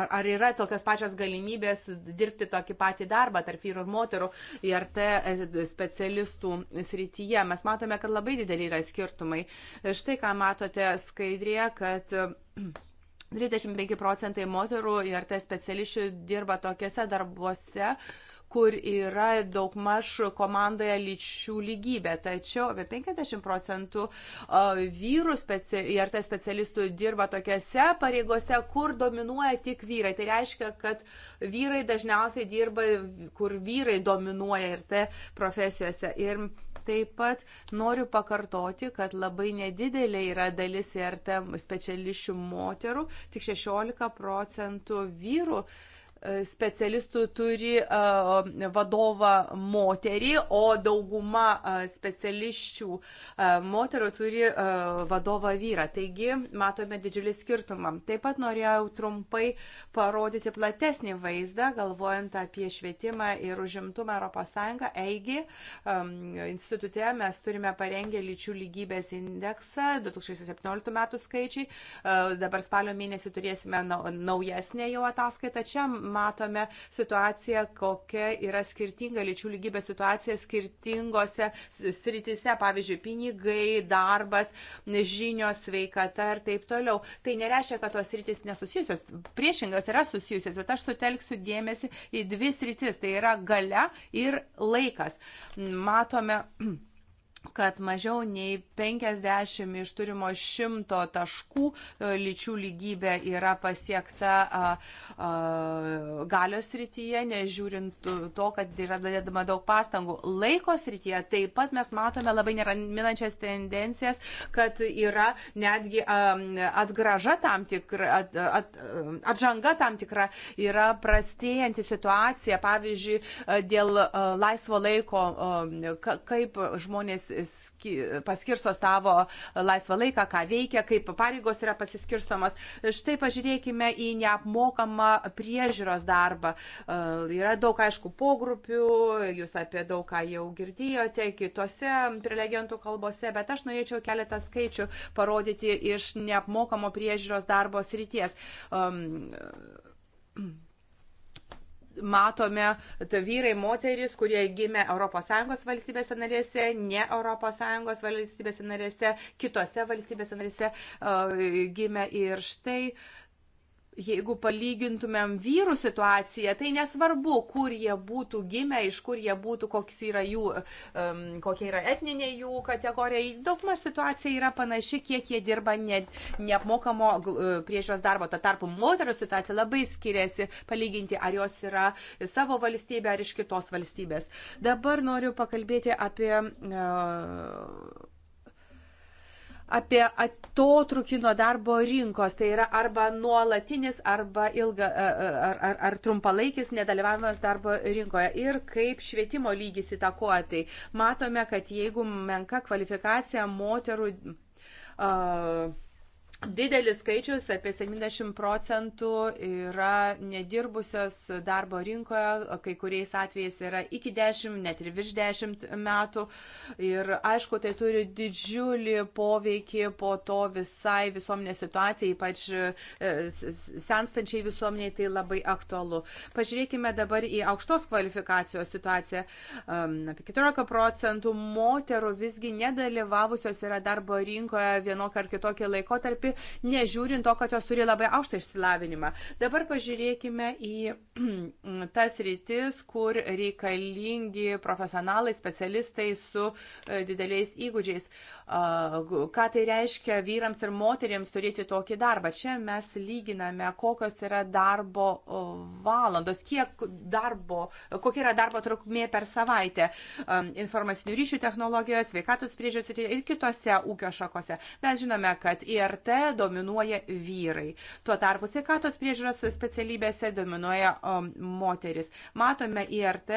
ar, ar yra tokias pačias galimybės dirbti tokį patį darbą tarp vyrų ir moterų IRT specialistų srityje. Mes matome, kad labai dideli yra skirtumai. Štai ką matote skaidrėje, kad 35 procentai moterų ir tai speciališių dirba tokiuose darbuose, kur yra daugmaž komandoje lyčių lygybė. Tačiau apie 50 procentų vyrų speci... ir tai specialistų dirba tokiuose pareigose, kur dominuoja tik vyrai. Tai reiškia, kad vyrai dažniausiai dirba, kur vyrai dominuoja ir tai profesijose. Ir taip pat noriu pakartoti, kad labai nedidelė yra dalis IRT specialistų moterų, tik 16 procentų vyrų. Uh, specialistų turi vadovą moterį, o dauguma specialisčių moterų turi vadovą vyrą. Taigi matome didžiulį skirtumą. Taip pat norėjau trumpai parodyti platesnį vaizdą, galvojant apie švietimą ir užimtumą ES. Eigi institute mes turime parengę lyčių lygybės indeksą 2017 metų skaičiai. Dabar spalio mėnesį turėsime naujesnę jau ataskaitą. Čia matome situaciją, kokia yra skirtinga lyčių lygybė situacija skirtingose sritise, pavyzdžiui, pinigai, darbas, žinios, sveikata ir taip toliau. Tai nereiškia, kad tos sritis nesusijusios, priešingos yra susijusios, bet aš sutelksiu dėmesį į dvi sritis, tai yra gale ir laikas. Matome, kad mažiau nei 50 iš turimo 100 taškų e, lyčių lygybė yra pasiekta a, a, galios rytyje, nežiūrint to, kad yra dadedama daug pastangų. Laikos rytyje taip pat mes matome labai neraminančias tendencijas, kad yra netgi a, atgraža tam tikra, at, at, atžanga tam tikra, yra prastėjanti situacija, pavyzdžiui, dėl a, laisvo laiko, a, kaip žmonės paskirsto savo laisvą laiką, ką veikia, kaip pareigos yra pasiskirstomas. Štai pažiūrėkime į neapmokamą priežiūros darbą. E, yra daug, aišku, pogrupių, jūs apie daug ką jau girdėjote kitose prelegentų kalbose, bet aš norėčiau keletą skaičių parodyti iš neapmokamo priežiūros darbo srities. Um, matome, tai vyrai, moteris, kurie gimė ES valstybėse narėse, ne ES valstybėse narėse, kitose valstybėse narėse e, gimė. Ir štai Jeigu palygintumėm vyrų situaciją, tai nesvarbu, kur jie būtų gimę, iš kur jie būtų, yra jų, um, kokia yra etninė jų kategorija, daugmaž situacija yra panaši, kiek jie dirba ne, neapmokamo e, priežios darbo. Tuo tarpu moterų situacija labai skiriasi palyginti, ar jos yra savo valstybė ar iš kitos valstybės. Dabar noriu pakalbėti apie. Uh, apie atotrukį nuo darbo rinkos. Tai yra arba nuolatinis, arba ilga, e, e, ar, ar, ar trumpalaikis nedalyvavimas darbo rinkoje. Ir kaip švietimo lygis įtakoja tai. Matome, kad jeigu menka kvalifikacija moterų. Uh, Didelis skaičius, apie 70 procentų, yra nedirbusios darbo rinkoje, kai kuriais atvejais yra iki 10, net ir virš 10 metų. Ir aišku, tai turi didžiulį poveikį po to visai visuomenės situacijai, ypač e, senstančiai visuomeniai tai labai aktualu. Pažiūrėkime dabar į aukštos kvalifikacijos situaciją. Apie 14 procentų moterų visgi nedalyvavusios yra darbo rinkoje vienokia ar kitokia laikotarpį laikotarpį, nežiūrint to, kad jos turi labai aukštą išsilavinimą. Dabar pažiūrėkime į tas rytis, kur reikalingi profesionalai, specialistai su e, dideliais įgūdžiais ką tai reiškia vyrams ir moteriams turėti tokį darbą. Čia mes lyginame, kokios yra darbo valandos, kiek darbo, kokia yra darbo trukmė per savaitę informacinių ryšių technologijos, sveikatos priežiūros ir kitose ūkio šakose. Mes žinome, kad IRT dominuoja vyrai. Tuo tarpu sveikatos priežiūros specialybėse dominuoja moteris. Matome IRT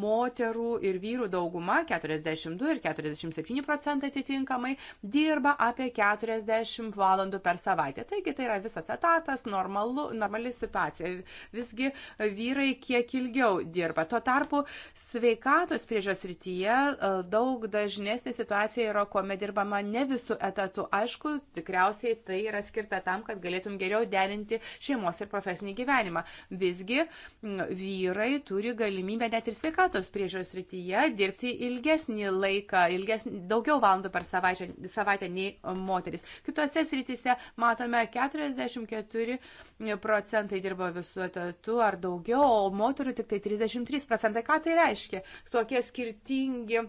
moterų ir vyrų dauguma 42 ir 47 procentai atitinka tinkamai, dirba apie 40 valandų per savaitę. Taigi tai yra visas etatas, normalu, normali situacija. Visgi vyrai kiek ilgiau dirba. Tuo tarpu sveikatos priežios rytyje e, daug dažnesnė situacija yra, kuomet dirbama ne visų etatų. Aišku, tikriausiai tai yra skirta tam, kad galėtum geriau derinti šeimos ir profesinį gyvenimą. Visgi vyrai turi galimybę net ir sveikatos priežios rytyje dirbti ilgesnį laiką, ilgesnį, daugiau valandų per per savaitę, savaitę nei moteris. Kitose srityse matome 44 procentai dirbo visų etatų ar daugiau, o moterų tik tai 33 procentai. Ką tai reiškia? Tokie skirtingi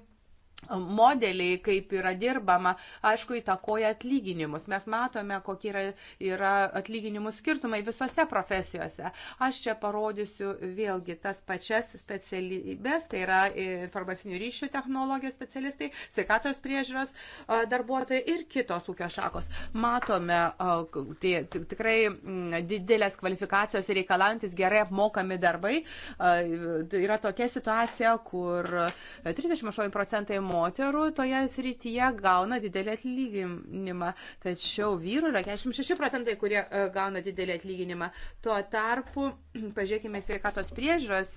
modeliai, kaip yra dirbama, aišku, įtakoja atlyginimus. Mes matome, kokie yra, yra atlyginimų skirtumai visose profesijose. Aš čia parodysiu vėlgi tas pačias specialybės, tai yra informacinių ryšių technologijos specialistai, sveikatos priežiūros darbuotojai ir kitos ūkio šakos. Matome, tai tikrai didelės kvalifikacijos ir reikalantis gerai apmokami darbai. Yra tokia situacija, kur 38 e, procentai moterų toje srityje gauna didelį atlyginimą, tačiau vyrų yra 46 procentai, kurie e, gauna didelį atlyginimą. Tuo tarpu, pažiūrėkime, sveikatos priežiūros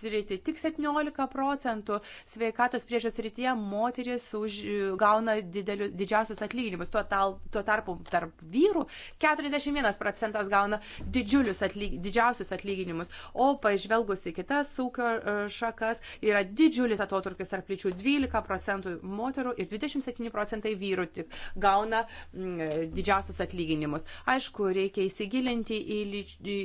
sritį. Tik 17 procentų sveikatos priežiūros srityje moteris už, gauna dideliu, didžiausius atlyginimus. Tuo, tal, tuo tarpu tarp vyrų 41 procentas gauna didžiulius atlyg, didžiausius atlyginimus. O pažvelgus į kitas ūkio e, šakas yra didžiulis atotrukis tarp lyčių 12 procentų moterų ir 27 procentai vyrų tik gauna m, e, didžiausius atlyginimus. Aišku, reikia įsigilinti į, lyč, į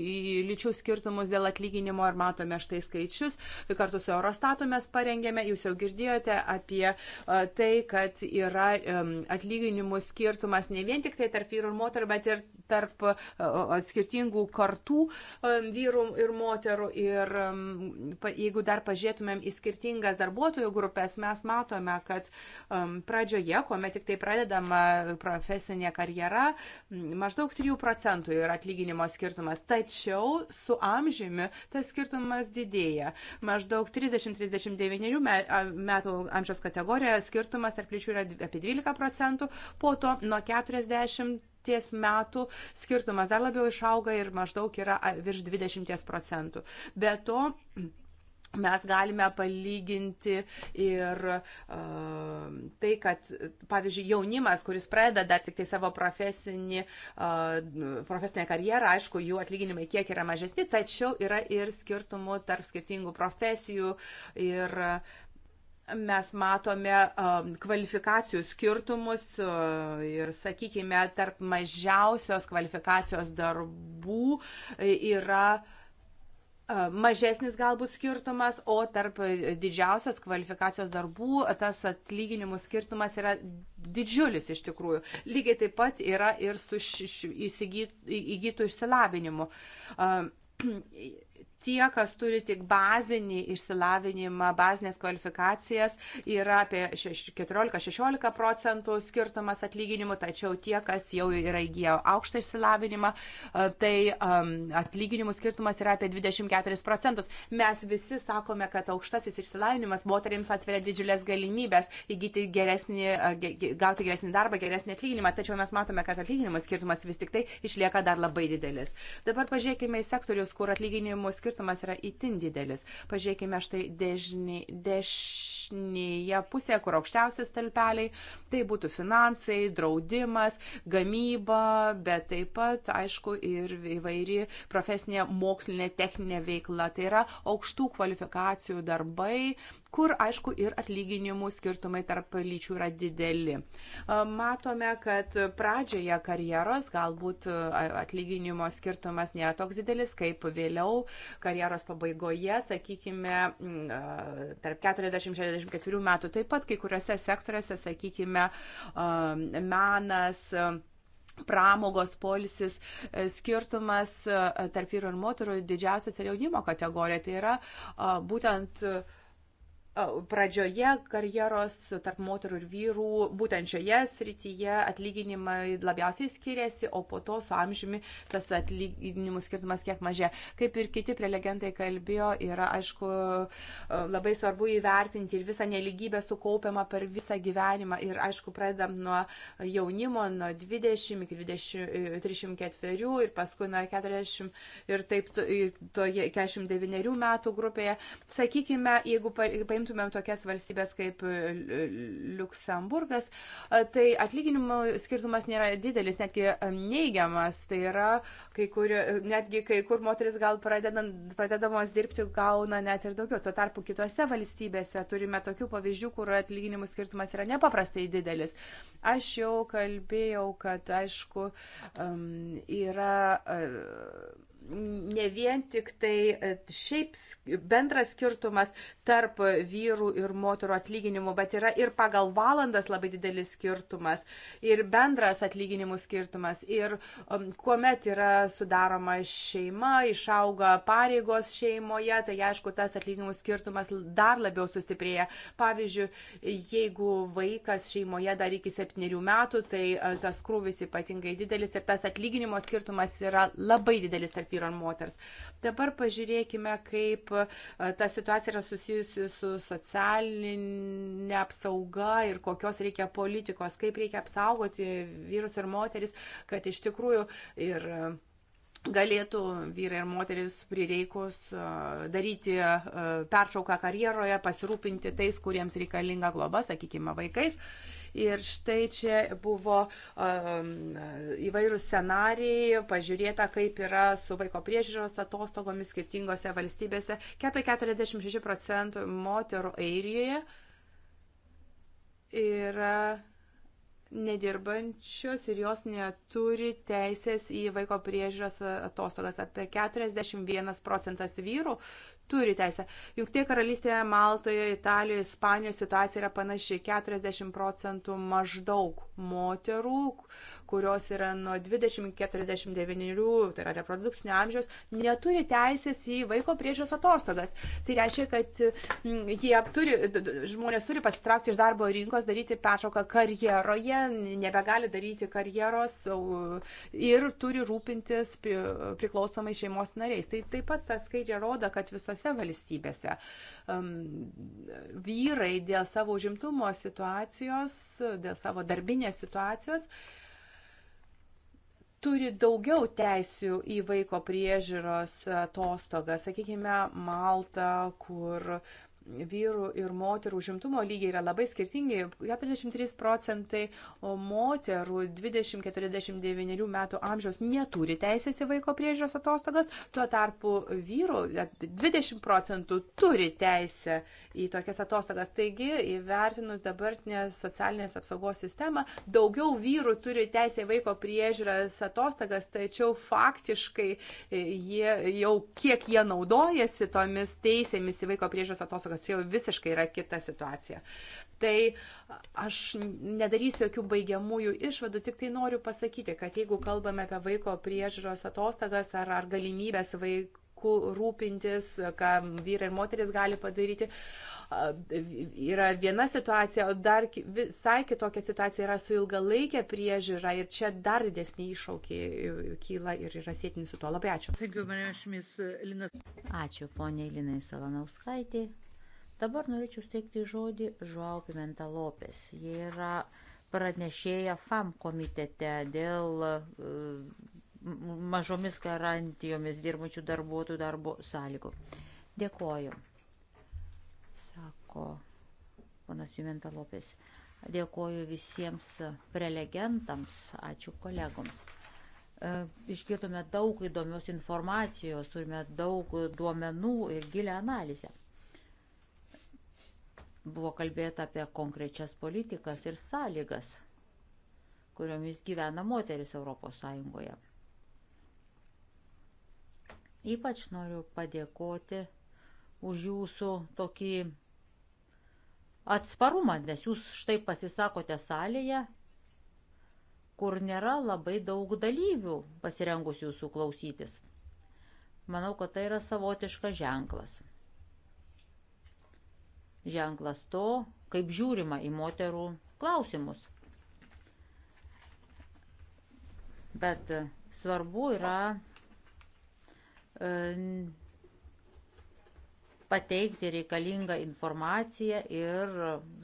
lyčių skirtumus dėl atlyginimo ir matome štai skaičius skaičius. Kartu su Eurostatu mes parengėme, jūs jau girdėjote apie e, tai, kad yra atlyginimų skirtumas ne vien tik tai tarp vyrų ir moterų, bet ir tarp e, skirtingų kartų vyrų ir moterų. Ir jeigu dar pažiūrėtumėm į skirtingas darbuotojų grupės, mes matome, kad pradžioje, kuomet tik tai pradedama profesinė karjera, maždaug 3 procentų yra atlyginimo skirtumas. Tačiau su amžiumi tas skirtumas didėja kategoriją. Maždaug 30-39 metų amžiaus kategorija skirtumas tarp lyčių yra apie 12 procentų, po to nuo 40 ties metų skirtumas dar labiau išauga ir maždaug yra virš 20 procentų. Be to, mes galime palyginti ir uh, tai, kad, pavyzdžiui, jaunimas, kuris pradeda dar tik tai savo profesinį, uh, profesinę karjerą, aišku, jų atlyginimai kiek yra mažesni, tačiau yra ir skirtumų tarp skirtingų profesijų ir uh, mes matome e, kvalifikacijų skirtumus ir, sakykime, tarp mažiausios kvalifikacijos darbų yra mažesnis galbūt skirtumas, o tarp didžiausios kvalifikacijos darbų tas atlyginimų skirtumas yra didžiulis iš tikrųjų. Lygiai taip pat yra ir su įsigytų išsilavinimu tie, kas turi tik bazinį išsilavinimą, bazinės kvalifikacijas, yra apie 14-16 procentų skirtumas atlyginimų, tačiau tie, kas jau yra įgyję aukštą išsilavinimą, e, tai atlyginimų skirtumas yra apie 24 procentus. Mes visi sakome, kad aukštasis išsilavinimas moteriams atveria didžiulės galimybės įgyti geresnį, e, gauti geresnį darbą, geresnį atlyginimą, tačiau mes matome, kad atlyginimų skirtumas vis tik tai išlieka dar labai didelis. Dabar pažiūrėkime į sektorius, kur atlyginimų skirtumas skirtumas yra itin didelis. Pažiūrėkime štai dešinė, dešinėje pusėje, kur aukščiausi stalpeliai, tai būtų finansai, draudimas, gamyba, bet taip pat, aišku, ir įvairi profesinė, mokslinė, techninė veikla. Tai yra aukštų kvalifikacijų darbai, kur, aišku, ir atlyginimų skirtumai tarp lyčių yra dideli. Matome, kad pradžioje karjeros galbūt atlyginimo skirtumas nėra toks didelis, kaip vėliau karjeros pabaigoje, sakykime, tarp 40-64 metų. Taip pat kai kuriuose sektoriuose, sakykime, menas, pramogos polisis e, skirtumas e, tarp vyrų ir moterų didžiausias ir jaunimo kategorija. Tai yra būtent uh, pradžioje karjeros tarp moterų ir vyrų, būtent šioje srityje atlyginimai labiausiai skiriasi, o po to su amžiumi tas atlyginimų skirtumas kiek mažė. Kaip ir kiti prelegentai kalbėjo, yra aišku labai svarbu įvertinti ir visą neligybę sukaupiamą per visą gyvenimą. Ir aišku, pradedam nuo jaunimo, nuo 20 iki 20, 34 ir paskui nuo 40 ir taip toje 49 metų grupėje. Sakykime, jeigu paimtume paimtumėm tokias valstybės kaip e, Luksemburgas, e, tai atlyginimų skirtumas nėra didelis, netgi e, neigiamas. Tai yra, kai kur, netgi kai kur moteris gal pradedant, pradedamos dirbti gauna net ir daugiau. Tuo tarpu kitose valstybėse turime tokių pavyzdžių, kur atlyginimų skirtumas yra nepaprastai didelis. Aš jau kalbėjau, kad aišku, yra ne vien tik tai e, šiaip bendras skirtumas tarp vyrų ir moterų atlyginimų, bet yra ir pagal valandas labai didelis skirtumas, ir bendras atlyginimų skirtumas, ir um, kuomet yra sudaroma šeima, išauga pareigos šeimoje, tai aišku, tas atlyginimų skirtumas dar labiau sustiprėja. Pavyzdžiui, jeigu vaikas šeimoje dar iki septyniarių metų, tai uh, tas krūvis ypatingai didelis ir tas atlyginimo skirtumas yra labai didelis tarp tarp vyro ir moters. Dabar pažiūrėkime, kaip e, ta situacija yra susijusi su socialinė apsauga ir kokios reikia politikos, kaip reikia apsaugoti vyrus ir moteris, kad iš tikrųjų ir e, galėtų vyrai ir moteris prireikus e, daryti pertrauką karjeroje, pasirūpinti tais, kuriems reikalinga globa, sakykime, vaikais. Ir štai čia buvo um, įvairūs scenarijai, pažiūrėta, kaip yra su vaiko priežiūros atostogomis skirtingose valstybėse. Apie 46 procentų moterų Airijoje yra nedirbančios ir jos neturi teisės į vaiko priežiūros atostogas. Apie 41 procentas vyrų turi teisę. Juk tie karalystėje, Maltoje, Italijoje, Ispanijoje situacija yra panaši. 40 procentų maždaug moterų, kurios yra nuo 20-49, tai yra reprodukcinio amžiaus, neturi teisės į vaiko priežiūros atostogas. Tai reiškia, kad mm, jie turi, žmonės turi pasitraukti iš darbo rinkos, daryti pertrauką karjeroje, nebegali daryti karjeros ir turi rūpintis priklausomai šeimos nariais. Tai taip pat tas skaitė rodo, kad visose valstybėse um, vyrai dėl savo užimtumo situacijos, dėl savo darbinės situacijos, turi daugiau teisių į vaiko priežiūros atostogą, sakykime, Malta, kur vyrų ir moterų užimtumo lygiai yra labai skirtingi. 43 procentai moterų 20-49 metų amžiaus neturi teisės į vaiko priežiūros atostogas, tuo tarpu vyrų 20 e, procentų turi teisę į tokias atostogas. Taigi, įvertinus dabartinę socialinės apsaugos sistemą, daugiau vyrų turi teisę į vaiko priežiūros atostogas, tačiau faktiškai e, jie jau kiek jie naudojasi tomis teisėmis į vaiko priežiūros atostogas atostogas, jau visiškai yra kita situacija. Tai aš nedarysiu jokių baigiamųjų išvadų, tik tai noriu pasakyti, kad jeigu kalbame apie vaiko priežiūros atostogas ar, ar galimybės vaikų, rūpintis, ką vyrai ir moteris gali padaryti yra viena situacija, o dar visai kitokia situacija yra su ilgalaikė priežiūra ir čia dar didesnį iššūkį e, kyla ir yra sėtinis su tuo. Labai ačiū. Ačiū poniai Linai Salanauskaitė. Dabar norėčiau steigti žodį Žuau Pimenta Lopes. Jie yra pranešėja FAM komitete dėl e, mažomis garantijomis dirbančių darbuotojų darbo sąlygų. Dėkoju, sako ponas Pimenta Lopės. Dėkoju visiems prelegentams, ačiū kolegoms. E, išgirdome daug įdomios informacijos, turime daug duomenų ir gilę analizę. Buvo kalbėta apie konkrečias politikas ir sąlygas, kuriomis gyvena moteris ES. Ypač noriu padėkoti už jūsų tokį atsparumą, nes jūs štai pasisakote salėje, kur nėra labai daug dalyvių pasirengus jūsų klausytis. Manau, kad tai yra savotiškas ženklas ženklas to, kaip žiūrima į moterų klausimus. Bet e, svarbu yra e, pateikti reikalingą informaciją ir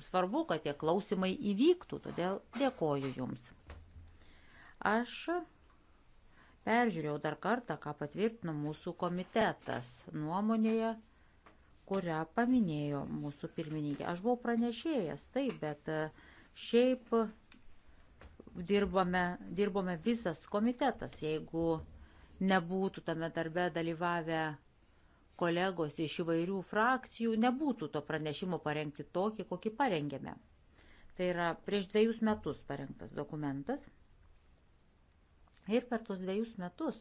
svarbu, kad tie klausimai įvyktų, todėl dėkoju Jums. Aš peržiūrėjau dar kartą, ką patvirtino mūsų komitetas nuomonėje kurią paminėjo mūsų pirmininkė. Aš buvau pranešėjęs, taip, bet e, šiaip dirbame, dirbome visas komitetas. Jeigu nebūtų tame darbe dalyvavę kolegos iš įvairių frakcijų, nebūtų to pranešimo parengti tokį, kokį parengėme. Tai yra prieš dviejus metus parengtas dokumentas. Ir per tos dviejus metus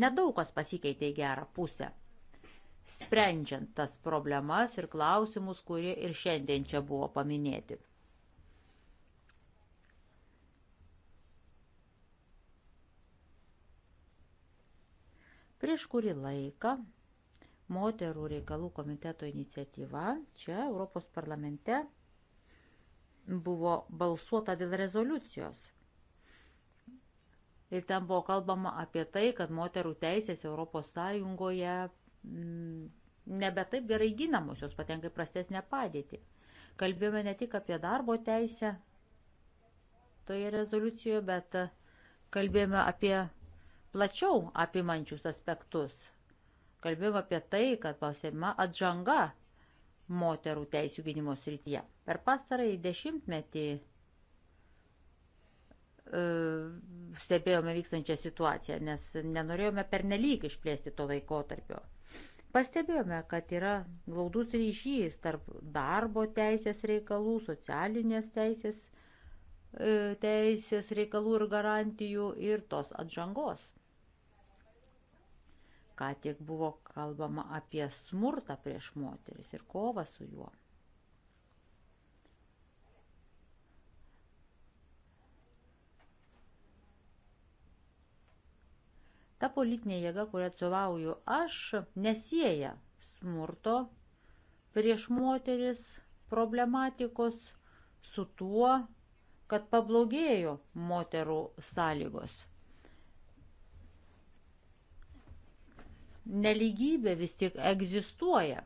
Nedaug kas pasikeitė į gerą pusę, sprendžiant tas problemas ir klausimus, kurie ir šiandien čia buvo paminėti. Prieš kurį laiką moterų reikalų komiteto iniciatyva čia Europos parlamente buvo balsuota dėl rezoliucijos – Ir ten buvo kalbama apie tai, kad moterų teisės Europos Sąjungoje mm, nebe taip gerai ginamos, jos patenka į prastesnę padėtį. Kalbėjome ne tik apie darbo teisę toje rezoliucijoje, bet e, kalbėjome apie plačiau apimančius aspektus. Kalbėjome apie tai, kad pasiema atžanga moterų teisų gynimo srityje. Per pastarąjį dešimtmetį E, stebėjome vykstančią situaciją, nes nenorėjome pernelyg išplėsti to laikotarpio. Pastebėjome, kad yra glaudus ryšys tarp darbo teisės reikalų, socialinės teisės, e, teisės reikalų ir garantijų ir tos atžangos. Ką tik buvo kalbama apie smurtą prieš moteris ir kovą su juo. Ta politinė jėga, kurią atsovauju aš, nesieja smurto prieš moteris problematikos su tuo, kad pablogėjo moterų sąlygos. Neligybė vis tik egzistuoja,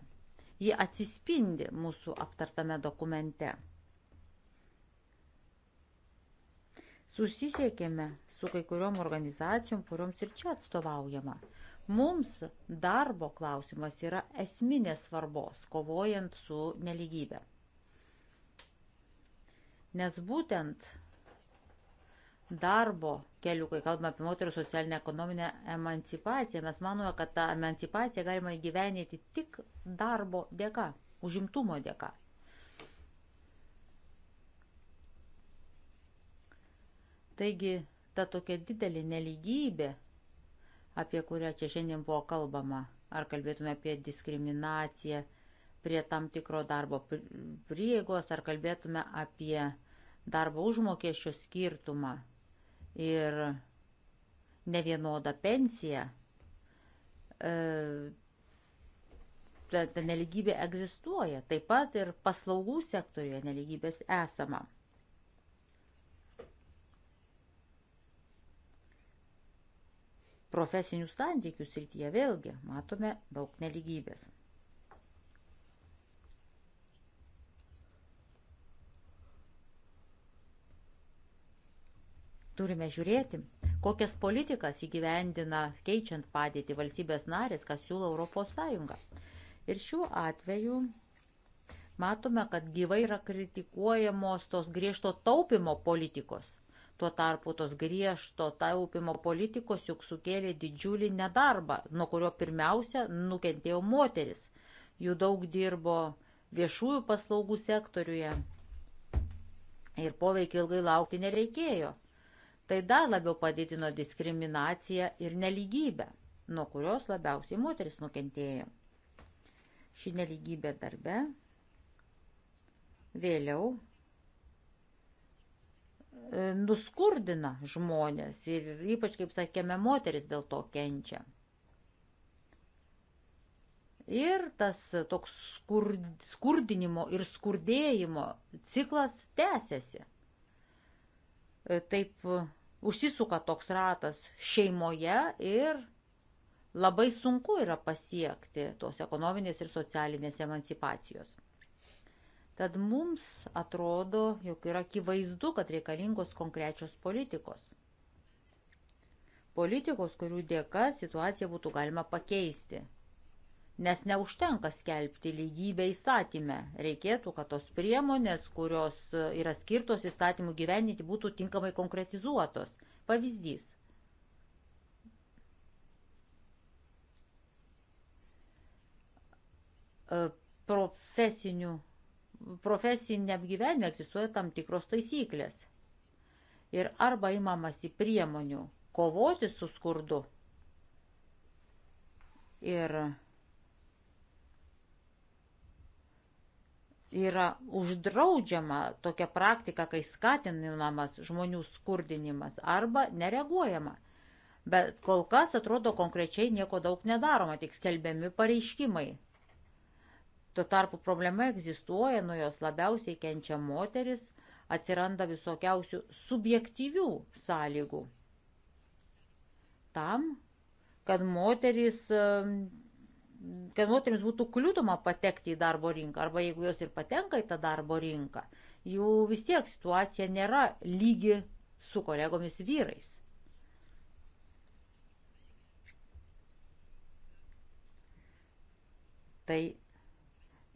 ji atsispindi mūsų aptartame dokumente. Susisiekėme su kai kuriuom organizacijom, kurioms ir čia atstovaujama. Mums darbo klausimas yra esminės svarbos, kovojant su neligybė. Nes būtent darbo keliu, kai kalbame apie moterų socialinę ekonominę emancipaciją, mes manome, kad tą emancipaciją galima įgyvenyti tik darbo dėka, užimtumo dėka. Taigi ta tokia didelė neligybė, apie kurią čia šiandien buvo kalbama, ar kalbėtume apie diskriminaciją prie tam tikro darbo prieigos, ar kalbėtume apie darbo užmokesčio skirtumą ir nevienodą pensiją, e, ta, ta neligybė egzistuoja. Taip pat ir paslaugų sektoriuje neligybės esama. profesinių santykių srityje vėlgi matome daug neligybės. Turime žiūrėti, kokias politikas įgyvendina keičiant padėtį valstybės narės, kas siūlo Europos Sąjunga. Ir šiuo atveju matome, kad gyvai yra kritikuojamos tos griežto taupimo politikos – Tuo tarpu tos griežto taupimo politikos juk sukėlė didžiulį nedarbą, nuo kurio pirmiausia nukentėjo moteris. Jų daug dirbo viešųjų paslaugų sektoriuje ir poveikio ilgai laukti nereikėjo. Tai dar labiau padidino diskriminaciją ir neligybę, nuo kurios labiausiai moteris nukentėjo. Ši neligybė darbe vėliau E, nuskurdina žmonės ir ypač, kaip sakėme, moteris dėl to kenčia. Ir tas toks skurd, skurdinimo ir skurdėjimo ciklas tęsiasi. E, taip e, užsisuka toks ratas šeimoje ir labai sunku yra pasiekti tos ekonominės ir socialinės emancipacijos. Tad mums atrodo, jog yra akivaizdu, kad reikalingos konkrečios politikos. Politikos, kurių dėka situaciją būtų galima pakeisti. Nes neužtenka skelbti lygybę įstatymę. Reikėtų, kad tos priemonės, kurios yra skirtos įstatymų gyveninti, būtų tinkamai konkretizuotos. Pavyzdys. Profesinių profesiniam gyvenime egzistuoja tam tikros taisyklės. Ir arba imamasi priemonių kovoti su skurdu ir yra uždraudžiama tokia praktika, kai skatinamas žmonių skurdinimas arba nereaguojama. Bet kol kas atrodo konkrečiai nieko daug nedaroma, tik skelbiami pareiškimai. Tuo tarpu problema egzistuoja, nuo jos labiausiai kenčia moteris, atsiranda visokiausių subjektyvių sąlygų. Tam, kad moteris kad moteriams būtų kliūdoma patekti į darbo rinką, arba jeigu jos ir patenka į tą darbo rinką, jų vis tiek situacija nėra lygi su kolegomis vyrais. Tai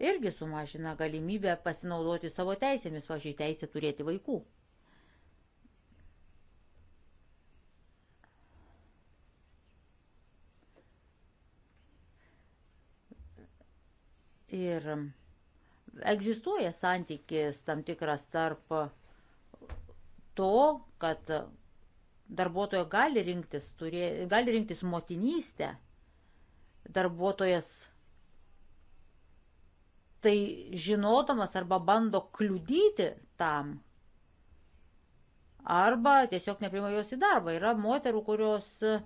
irgi sumažina galimybę pasinaudoti savo teisėmis, važiuoju, teisę turėti vaikų. Ir egzistuoja santykis tam tikras tarp to, kad darbuotojo gali rinktis, turė, gali rinktis motinystę, darbuotojas tai žinodamas arba bando kliudyti tam, arba tiesiog neprima jos į darbą. Yra moterų, kurios e,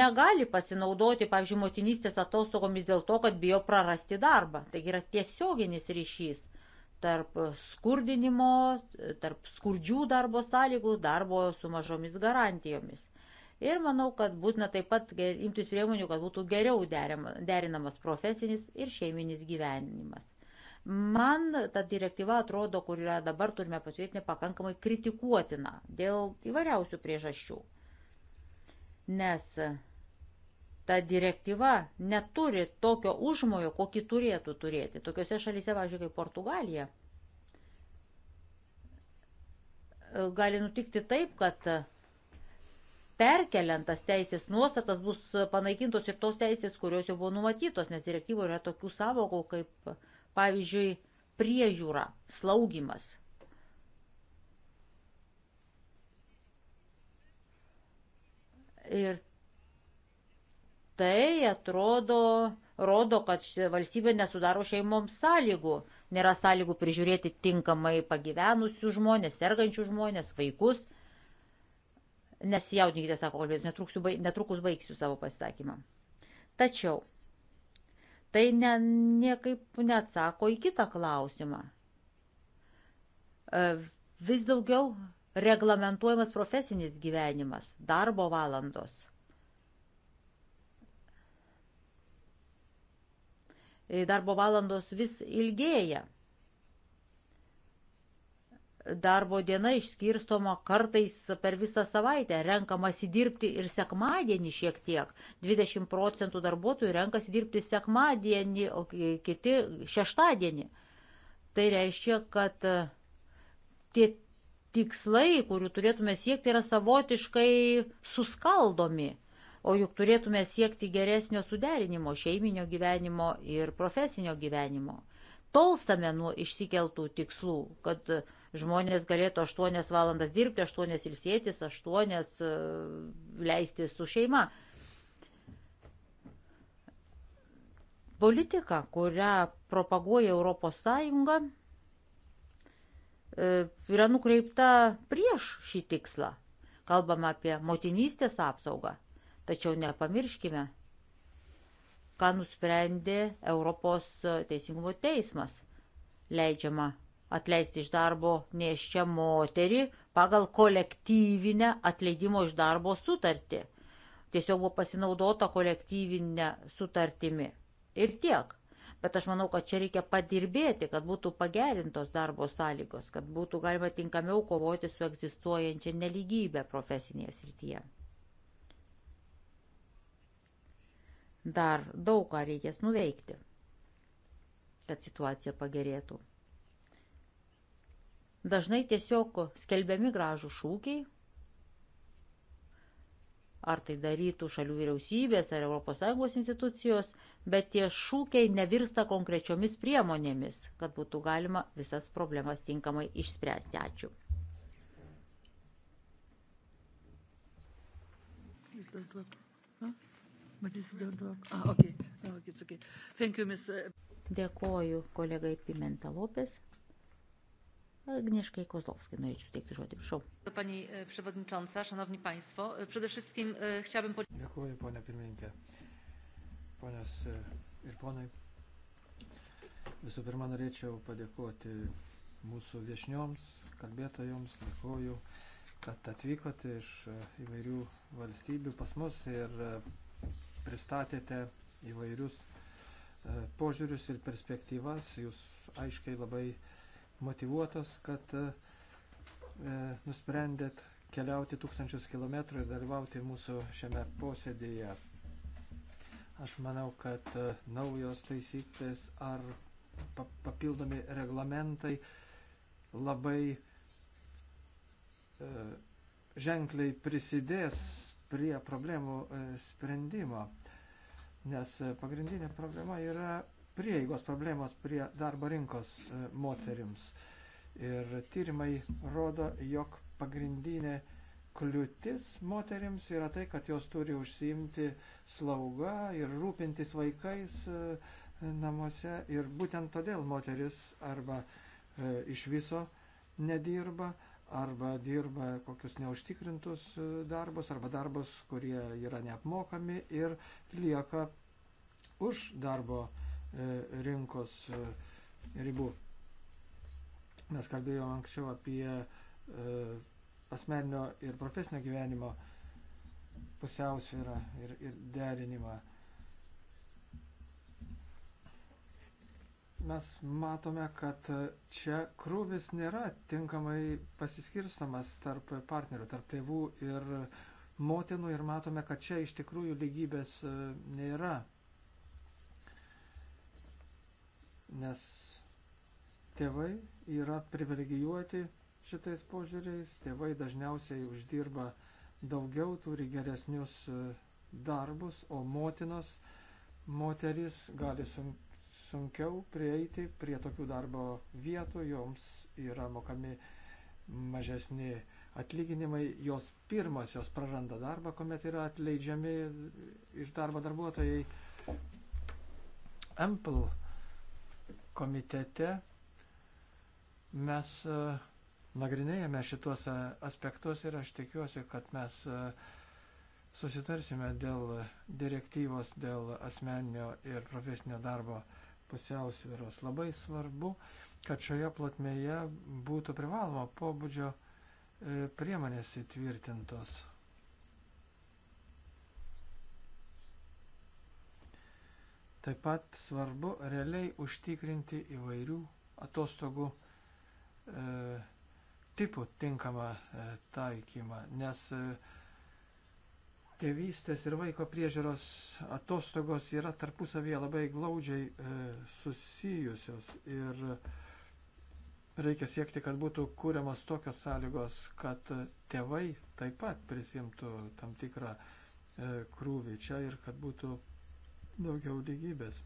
negali pasinaudoti, pavyzdžiui, motinystės atostogomis dėl to, kad bijo prarasti darbą. Taigi yra tiesioginis ryšys tarp skurdinimo, tarp skurdžių darbo sąlygų, darbo su mažomis garantijomis. Ir manau, kad būtina taip pat imtis priemonių, kad būtų geriau derinamas profesinis ir šeiminis gyvenimas. Man ta direktyva atrodo, kurią dabar turime patvirtinti, pakankamai kritikuotina dėl įvairiausių priežasčių. Nes ta direktyva neturi tokio užmojo, kokį turėtų turėti. Tokiuose šalyse, važiuoju, kaip Portugalija, gali nutikti taip, kad perkeliantas teisės nuostatas bus panaikintos ir tos teisės, kurios jau buvo numatytos, nes direktyvoje yra tokių savokų kaip Pavyzdžiui, priežiūra, slaugimas. Ir tai atrodo, rodo, kad valstybė nesudaro šeimoms sąlygų. Nėra sąlygų prižiūrėti tinkamai pagyvenusių žmonės, sergančių žmonės, vaikus. Nesijaudinkite, sako kalbėtojas, netrukus baigsiu savo pasisakymą. Tačiau tai ne, niekaip neatsako į kitą klausimą. E, vis daugiau reglamentuojamas profesinis gyvenimas, darbo valandos. E, darbo valandos vis ilgėja darbo diena išskirstoma kartais per visą savaitę, renkamasi dirbti ir sekmadienį šiek tiek. 20 procentų darbuotojų renkasi dirbti sekmadienį, o kiti šeštadienį. Tai reiškia, kad e, tie tikslai, kurių turėtume siekti, yra savotiškai suskaldomi. O juk turėtume siekti geresnio suderinimo šeiminio gyvenimo ir profesinio gyvenimo. Tolstame nuo išsikeltų tikslų, kad uh, žmonės galėtų 8 valandas dirbti, 8 ilsėtis, 8 e, leisti su šeima. Politika, kurią propaguoja Europos Sąjunga, e, yra nukreipta prieš šį tikslą. Kalbama apie motinystės apsaugą. Tačiau nepamirškime, ką nusprendė Europos Teisingumo teismas. Leidžiama atleisti iš darbo neščią moterį pagal kolektyvinę atleidimo iš darbo sutartį. Tiesiog buvo pasinaudota kolektyvinė sutartimi. Ir tiek. Bet aš manau, kad čia reikia padirbėti, kad būtų pagerintos darbo sąlygos, kad būtų galima tinkamiau kovoti su egzistuojančia neligybė profesinėje srityje. Dar daug ką reikės nuveikti, kad situacija pagerėtų. Dažnai tiesiog skelbiami gražų šūkiai, ar tai darytų šalių vyriausybės ar ES institucijos, bet tie šūkiai nevirsta konkrečiomis priemonėmis, kad būtų galima visas problemas tinkamai išspręsti. Ačiū. Ah, Dėkoju kolegai Pimenta Lopes. Agnieszkai Kozłowskiej norėčiau teikti žodį. Prašau. Pani e, Przewodnicząca, Szanowni Państwo, e, przede wszystkim e, chciałabym... Dėkuoju, ponia pirmininkė. Ponios ir ponai, visų pirma norėčiau padėkoti mūsų viešnioms, kalbėtojoms, dėkuoju, kad atvykote iš įvairių valstybių pas mus ir pristatėte įvairius požiūrius ir perspektyvas. Jūs aiškiai labai uh, motivuotos, kad e, e, nusprendėt keliauti tūkstančius kilometrų ir dalyvauti mūsų šiame posėdėje. Aš manau, kad e, naujos taisyklės ar papildomi reglamentai labai e, ženkliai prisidės prie problemų e, sprendimo. Nes e, pagrindinė problema yra prieigos problemos prie darbo rinkos e, moterims. Ir tyrimai rodo, jog pagrindinė kliūtis moterims yra tai, kad jos turi užsiimti slauga ir rūpintis vaikais e, namuose. Ir būtent todėl moteris arba e, iš viso nedirba, arba dirba kokius neužtikrintus darbus, arba darbus, kurie yra neapmokami ir lieka už darbo rinkos E, rinkos e, ribų. Mes kalbėjome anksčiau apie e, asmeninio ir profesinio gyvenimo pusiausvyrą ir, ir derinimą. Mes matome, kad čia krūvis nėra tinkamai pasiskirstamas tarp partnerių, tarp tėvų ir motinų ir matome, kad čia iš tikrųjų lygybės nėra nes tėvai yra privilegijuoti šitais požiūriais, tėvai dažniausiai uždirba daugiau, turi geresnius e, darbus, o motinos, moteris gali sun, sunkiau prieiti prie tokių darbo vietų, joms yra mokami mažesni atlyginimai, jos pirmosios praranda darbą, kuomet yra atleidžiami iš darbo darbuotojai. Ample komitete mes e, nagrinėjame šitos e, aspektus ir aš tikiuosi, kad mes e, susitarsime dėl direktyvos, dėl asmeninio ir profesinio darbo pusiausvyros. Labai svarbu, kad šioje plotmėje būtų privaloma pobūdžio priemonės įtvirtintos. Taip pat svarbu realiai užtikrinti įvairių atostogų e, tipų tinkamą e, taikymą, nes e, tėvystės ir vaiko priežiūros atostogos yra tarpusavėje labai glaudžiai e, susijusios ir reikia siekti, kad būtų kūriamos tokios sąlygos, kad tėvai taip pat prisimtų tam tikrą e, krūvį čia ir kad būtų daugiau lygybės.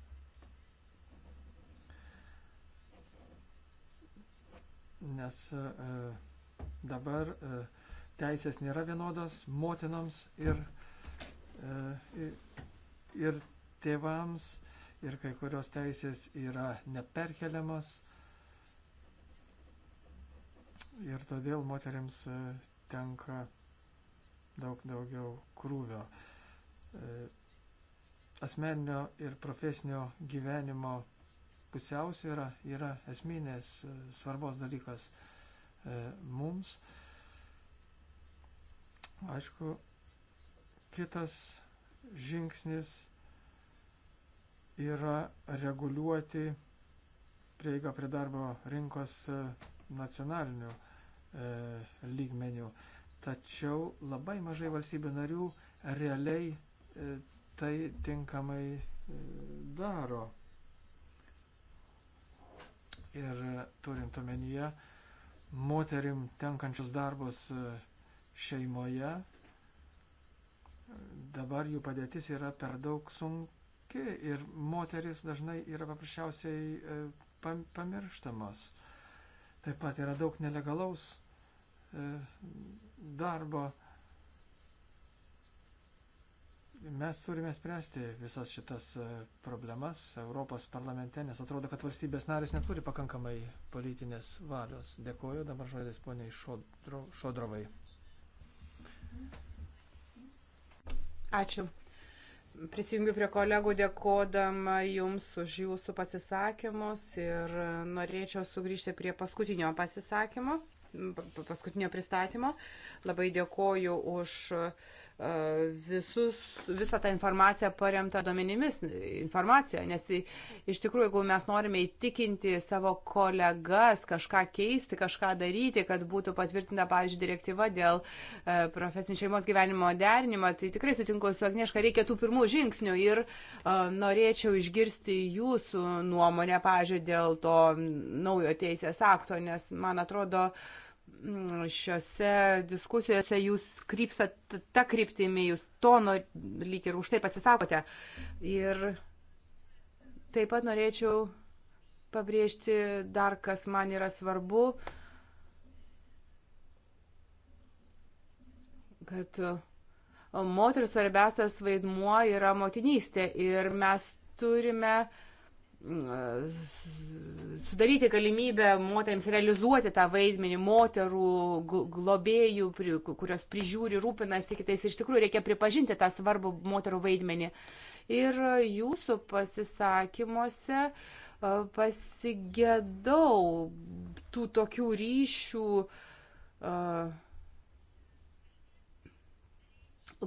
Nes e, dabar e, teisės nėra vienodos motinoms ir, e, ir tėvams, ir kai kurios teisės yra neperkeliamos. Ir todėl moteriams e, tenka daug daugiau krūvio. E, asmeninio ir profesinio gyvenimo pusiausvėra yra esminės e, svarbos dalykas e, mums. Aišku, kitas žingsnis yra reguliuoti prieigą prie darbo rinkos e, nacionalinių lygmenių. Tačiau labai mažai valstybių narių realiai tai tinkamai e, daro. Ir turint omenyje moterim tenkančius darbus e, šeimoje, dabar jų padėtis yra per daug sunki ir moteris dažnai yra paprasčiausiai e, pamirštamos. Taip pat yra daug nelegalaus darbo Mes turime spręsti visas šitas e, problemas Europos parlamente, nes atrodo, kad valstybės narės neturi pakankamai politinės valios. Dėkuoju, dabar žodis poniai šodro, Šodrovai. Ačiū. Prisijungiu prie kolegų dėkodama Jums už Jūsų pasisakymus ir norėčiau sugrįžti prie paskutinio pasisakymo, paskutinio pristatymo. Labai dėkoju už visus, visą tą informaciją paremtą duomenimis informaciją, nes iš tikrųjų, jeigu mes norime įtikinti savo kolegas kažką keisti, kažką daryti, kad būtų patvirtinta, pavyzdžiui, direktyva dėl e, profesinio šeimos gyvenimo derinimo, tai tikrai sutinku su Agnieška, reikia tų pirmų žingsnių ir e, norėčiau išgirsti jūsų nuomonę, pavyzdžiui, dėl to naujo teisės akto, nes man atrodo, uh, šiuose diskusijose jūs krypsat tą kryptimį, jūs tono lyg ir už tai pasisakote. Ir taip pat norėčiau pabrėžti dar, kas man yra svarbu, kad moterų svarbiausias vaidmuo yra motinystė ir mes turime uh, sudaryti galimybę moteriams realizuoti tą vaidmenį moterų globėjų, kurios prižiūri, rūpinasi kitais. Iš tikrųjų, reikia pripažinti tą svarbų moterų vaidmenį. Ir jūsų pasisakymuose pasigėdau tų tokių ryšių,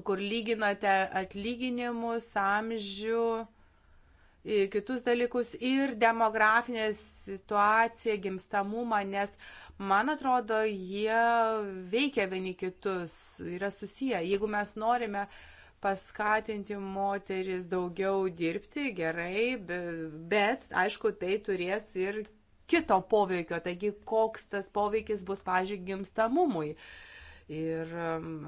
kur lyginate atlyginimus, amžių kitus dalykus ir demografinę situaciją, gimstamumą, nes, man atrodo, jie veikia vieni kitus, yra susiję. Jeigu mes norime paskatinti moteris daugiau dirbti, gerai, bet, aišku, tai turės ir kito poveikio, taigi koks tas poveikis bus, pažiūrėjau, gimstamumui. Ir um,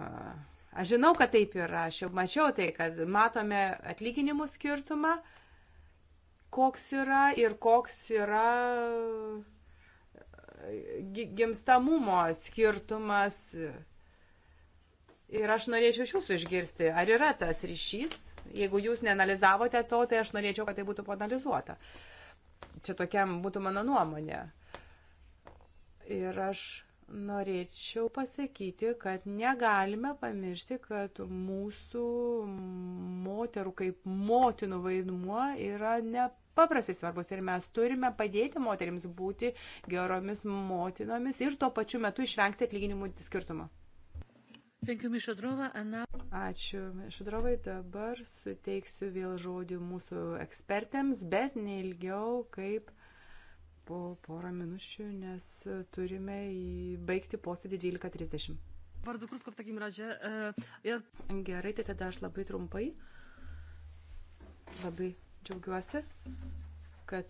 aš žinau, kad taip yra, aš jau mačiau tai, kad matome atlyginimų skirtumą, uh, koks yra ir koks yra gimstamumo skirtumas. Ir aš norėčiau iš jūsų išgirsti, ar yra tas ryšys. Jeigu jūs neanalizavote to, tai aš norėčiau, kad tai būtų panalizuota. Čia tokia būtų mano nuomonė. Ir aš norėčiau pasakyti, kad negalime pamiršti, kad mūsų moterų kaip motinų vaidmuo yra nepaprastas nepaprastai svarbus ir mes turime padėti moteriams būti geromis motinomis ir tuo pačiu metu išvengti atlyginimų skirtumo. Ačiū, Šudrovai. Dabar suteiksiu vėl žodį mūsų ekspertėms, bet neilgiau kaip po porą minučių, nes turime baigti posėdį 12.30. Bardzo krótko w takim razie. E, ja... Gerai, tai tada aš labai trumpai. Labai Džiaugiuosi, kad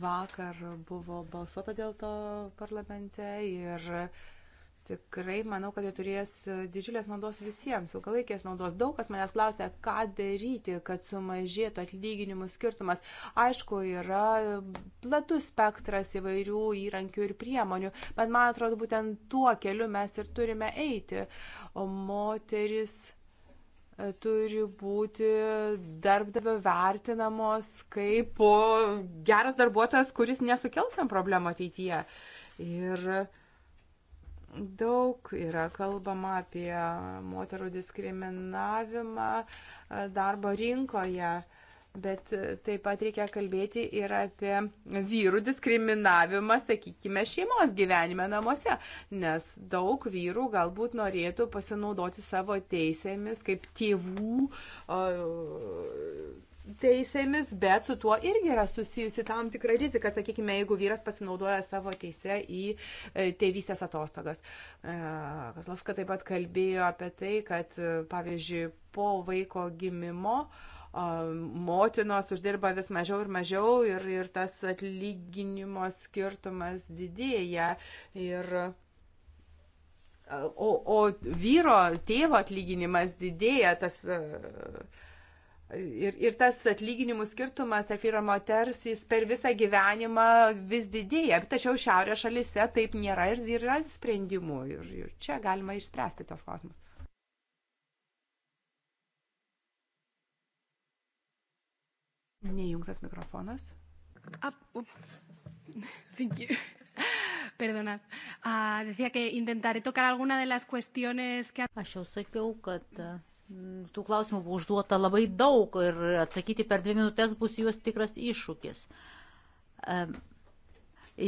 vakar buvo balsuota dėl to parlamente ir tikrai manau, kad jie tai turės didžiulės naudos visiems, ilgalaikės naudos. Daug kas manęs klausia, ką daryti, kad sumažėtų atlyginimų skirtumas. Aišku, yra platus spektras įvairių įrankių ir priemonių, bet man atrodo, būtent tuo keliu mes ir turime eiti. O moteris turi būti darbdavio vertinamos kaip geras darbuotojas, kuris nesukels jam problemų ateityje. Ir daug yra kalbama apie moterų diskriminavimą e, darbo rinkoje. Bet e, taip pat reikia kalbėti ir apie vyrų diskriminavimą, sakykime, šeimos gyvenime namuose, nes daug vyrų galbūt norėtų pasinaudoti savo teisėmis kaip tėvų teisėmis, bet su tuo irgi yra susijusi tam tikra rizika, sakykime, jeigu vyras pasinaudoja savo teisę į e, tėvysės atostogas. E, Kaslavska taip pat kalbėjo apie tai, kad, pavyzdžiui, po vaiko gimimo uh, motinos uždirba vis mažiau ir mažiau ir, ir tas atlyginimo skirtumas didėja. Ir, o, o vyro tėvo atlyginimas didėja, tas Ir, ir tas atlyginimų skirtumas tarp vyro moters, jis per visą gyvenimą vis didėja. Tačiau šiaurės šalise taip nėra ir yra sprendimų. Ir, ir čia galima išspręsti tos klausimus. Neįjungtas mikrofonas. Up, ah, up. Thank you. Perdonad. Uh, decía que intentaré tocar alguna de las cuestiones que... Aš jau sakiau, kad mm, tų klausimų buvo užduota labai daug ir atsakyti per dvi minutės bus juos tikras iššūkis. Um,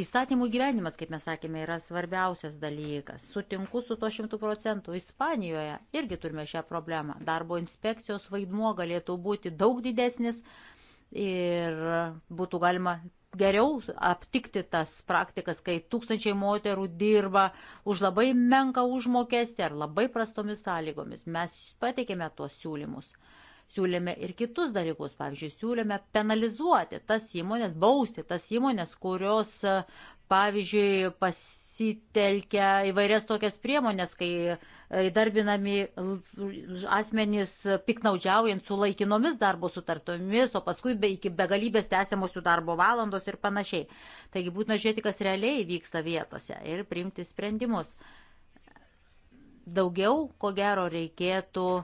Įstatymų gyvenimas, kaip mes sakėme, yra svarbiausias dalykas. Sutinku su to šimtų procentų. Ispanijoje irgi turime šią problemą. Darbo inspekcijos vaidmuo galėtų būti daug didesnis, ir būtų galima geriau aptikti tas praktikas, kai tūkstančiai moterų dirba už labai menką užmokestį ar labai prastomis sąlygomis. Mes pateikėme tuos siūlymus. Siūlėme ir kitus dalykus, pavyzdžiui, siūlėme penalizuoti tas įmonės, bausti tas įmonės, kurios, pavyzdžiui, pas, pasitelkia įvairias tokias priemonės, kai e, darbinami asmenys piknaudžiaujant su laikinomis darbo sutartomis, o paskui be, iki begalybės tęsiamos jų darbo valandos ir panašiai. Taigi būtina žiūrėti, kas realiai vyksta vietose ir priimti sprendimus. Daugiau, ko gero, reikėtų e,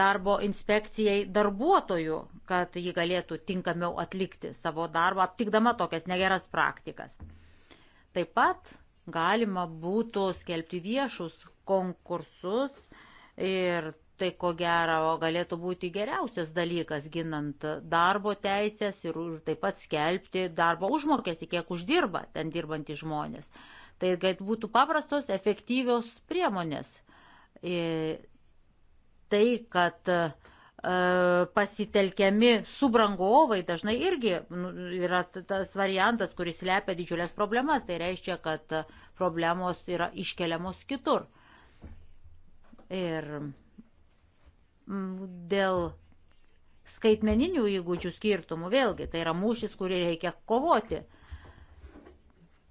darbo inspekcijai darbuotojų, kad ji galėtų tinkamiau atlikti savo darbą, aptikdama tokias negeras praktikas. Taip pat galima būtų skelbti viešus konkursus ir tai ko gero galėtų būti geriausias dalykas ginant darbo teisės ir taip pat skelbti darbo užmokestį, kiek uždirba ten dirbantys žmonės. Tai kad būtų paprastos, efektyvios priemonės. Ir e, tai, kad uh, E, pasitelkiami subrangovai dažnai irgi nu, yra tas variantas, kuris lepia didžiulės problemas. Tai reiškia, kad problemos yra iškeliamos kitur. Ir dėl skaitmeninių įgūdžių skirtumų vėlgi tai yra mūšis, kurį reikia kovoti.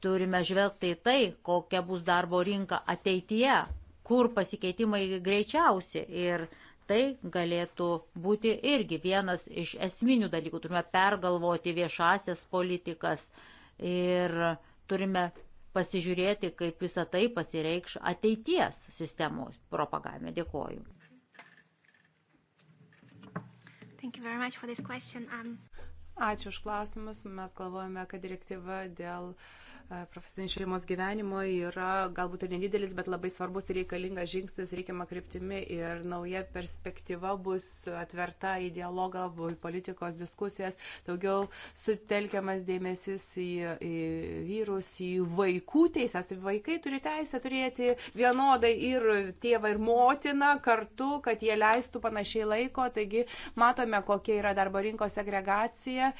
Turime žvelgti į tai, kokia bus darbo rinka ateityje, kur pasikeitimai greičiausi ir greičiausiai tai galėtų būti irgi vienas iš esminių dalykų. Turime pergalvoti viešasias politikas ir turime pasižiūrėti, kaip visa tai pasireikš ateities sistemų propagavime. Dėkoju. Um... Ačiū už klausimus. Mes galvojame, kad direktyva dėl uh, E, profesinio šeimos gyvenimo yra galbūt ir nedidelis, bet labai svarbus ir reikalingas žingsnis reikiamą kryptimį ir nauja perspektyva bus atverta į dialogą, į politikos diskusijas, daugiau sutelkiamas dėmesys į, į vyrus, į vaikų teisės. Vaikai turi teisę turėti vienodai ir tėvą, ir motiną kartu, kad jie leistų panašiai laiko. Taigi matome, kokia yra darbo rinkos segregacija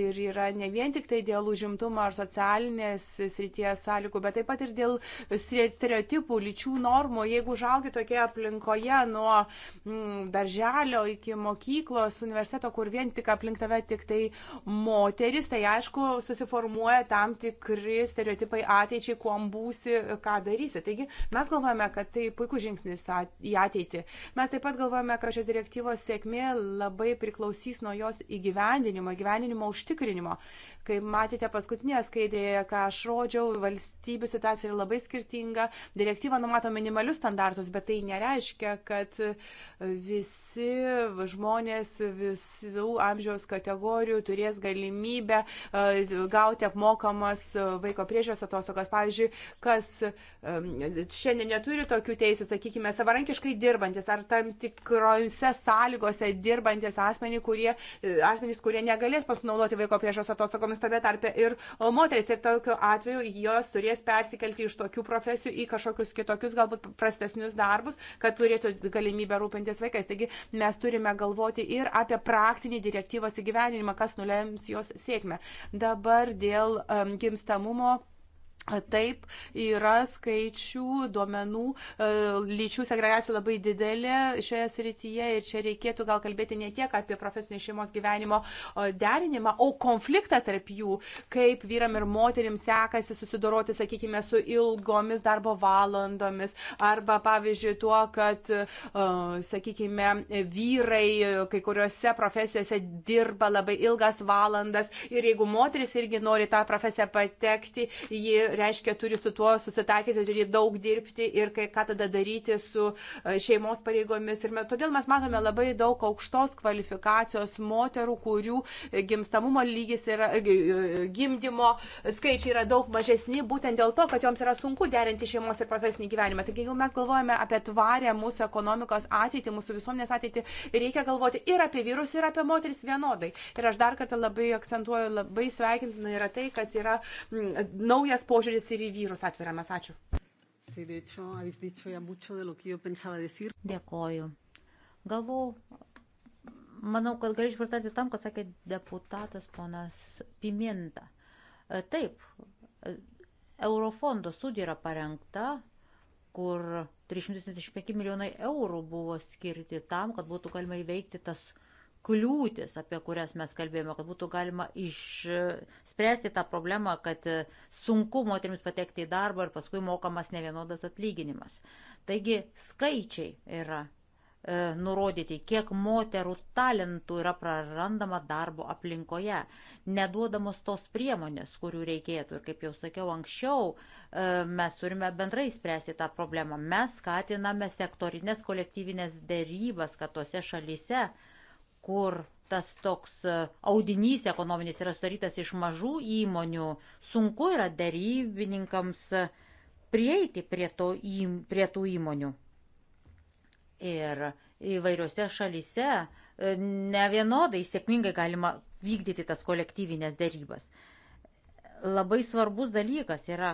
ir yra ne vien tik tai dėl užimtumo ar socialinės srities sąlygų, bet taip pat ir dėl stereotipų, lyčių normų. Jeigu žaugi tokioje aplinkoje nuo mm, darželio iki mokyklos, universiteto, kur vien tik aplink tave tik tai moteris, tai aišku, susiformuoja tam tikri stereotipai ateičiai, kuo būsi, ką darysi. Taigi mes galvojame, kad tai puikus žingsnis į ateitį. Mes taip pat galvojame, kad šios direktyvos sėkmė labai priklausys nuo jos įgyvendinimo, įgyvendinimo užtikrinimo. Kai matėte paskutinėje skaidrėje, ką aš rodžiau, valstybių situacija yra labai skirtinga. Direktyva numato minimalius standartus, bet tai nereiškia, kad visi žmonės visų amžiaus kategorijų turės galimybę e, gauti apmokamas vaiko priežios atostogas. Pavyzdžiui, kas e, šiandien neturi tokių teisų, sakykime, savarankiškai dirbantis ar tam tikrose sąlygose dirbantis asmenys, kurie, e, asmenys, kurie negalės pasinaudoti vaiko priežios atostogomis moteriams tame tarpe ir moteris. Ir tokiu atveju jos turės persikelti iš tokių profesijų į kažkokius kitokius, galbūt prastesnius darbus, kad turėtų galimybę rūpintis vaikais. Taigi mes turime galvoti ir apie praktinį direktyvos įgyvenimą, kas nulems jos sėkmę. Dabar dėl um, gimstamumo Taip, yra skaičių, duomenų, e, lyčių segregacija labai didelė šioje srityje ir čia reikėtų gal kalbėti ne tiek apie profesinį šeimos gyvenimo derinimą, o konfliktą tarp jų, kaip vyram ir moterim sekasi susidoroti, sakykime, su ilgomis darbo valandomis arba, pavyzdžiui, tuo, kad, e, sakykime, vyrai kai kuriuose profesijose dirba labai ilgas valandas ir jeigu moteris irgi nori tą profesiją patekti, ji reiškia, turi su tuo susitaikyti, turi daug dirbti ir kai, ką tada daryti su e, šeimos pareigomis. Ir todėl mes matome labai daug aukštos kvalifikacijos moterų, kurių e, gimstamumo lygis yra, e, gimdymo skaičiai yra daug mažesni, būtent dėl to, kad joms yra sunku derinti šeimos ir profesinį gyvenimą. Taigi, jeigu mes galvojame apie tvarę mūsų ekonomikos ateitį, mūsų visuomenės ateitį, reikia galvoti ir apie vyrus, ir apie moteris vienodai. Ir aš dar kartą labai akcentuoju, labai sveikintina yra tai, kad yra naujas požiūris požiūris ir į vyrus atviramas. Ačiū. Dėkoju. Galvau, manau, kad galėčiau pritarti tam, ką sakė deputatas ponas Pimenta. E, taip, e, Eurofondo studija yra parengta, kur 375 milijonai eurų buvo skirti tam, kad būtų galima įveikti tas uh, kliūtis, apie kurias mes kalbėjome, kad būtų galima išspręsti tą problemą, kad sunku moteriams patekti į darbą ir paskui mokamas nevienodas atlyginimas. Taigi skaičiai yra e, nurodyti, kiek moterų talentų yra prarandama darbo aplinkoje, neduodamos tos priemonės, kurių reikėtų. Ir kaip jau sakiau anksčiau, e, mes turime bendrai spręsti tą problemą. Mes skatiname sektorinės kolektyvinės dėrybas, kad tose šalyse, e, kur tas toks e, audinys ekonominis yra sudarytas iš mažų įmonių, sunku yra darybininkams e, prieiti prie, to, prie tų įmonių. Ir įvairiose šalise e, ne vienodai sėkmingai galima vykdyti tas kolektyvinės darybas. Labai svarbus dalykas yra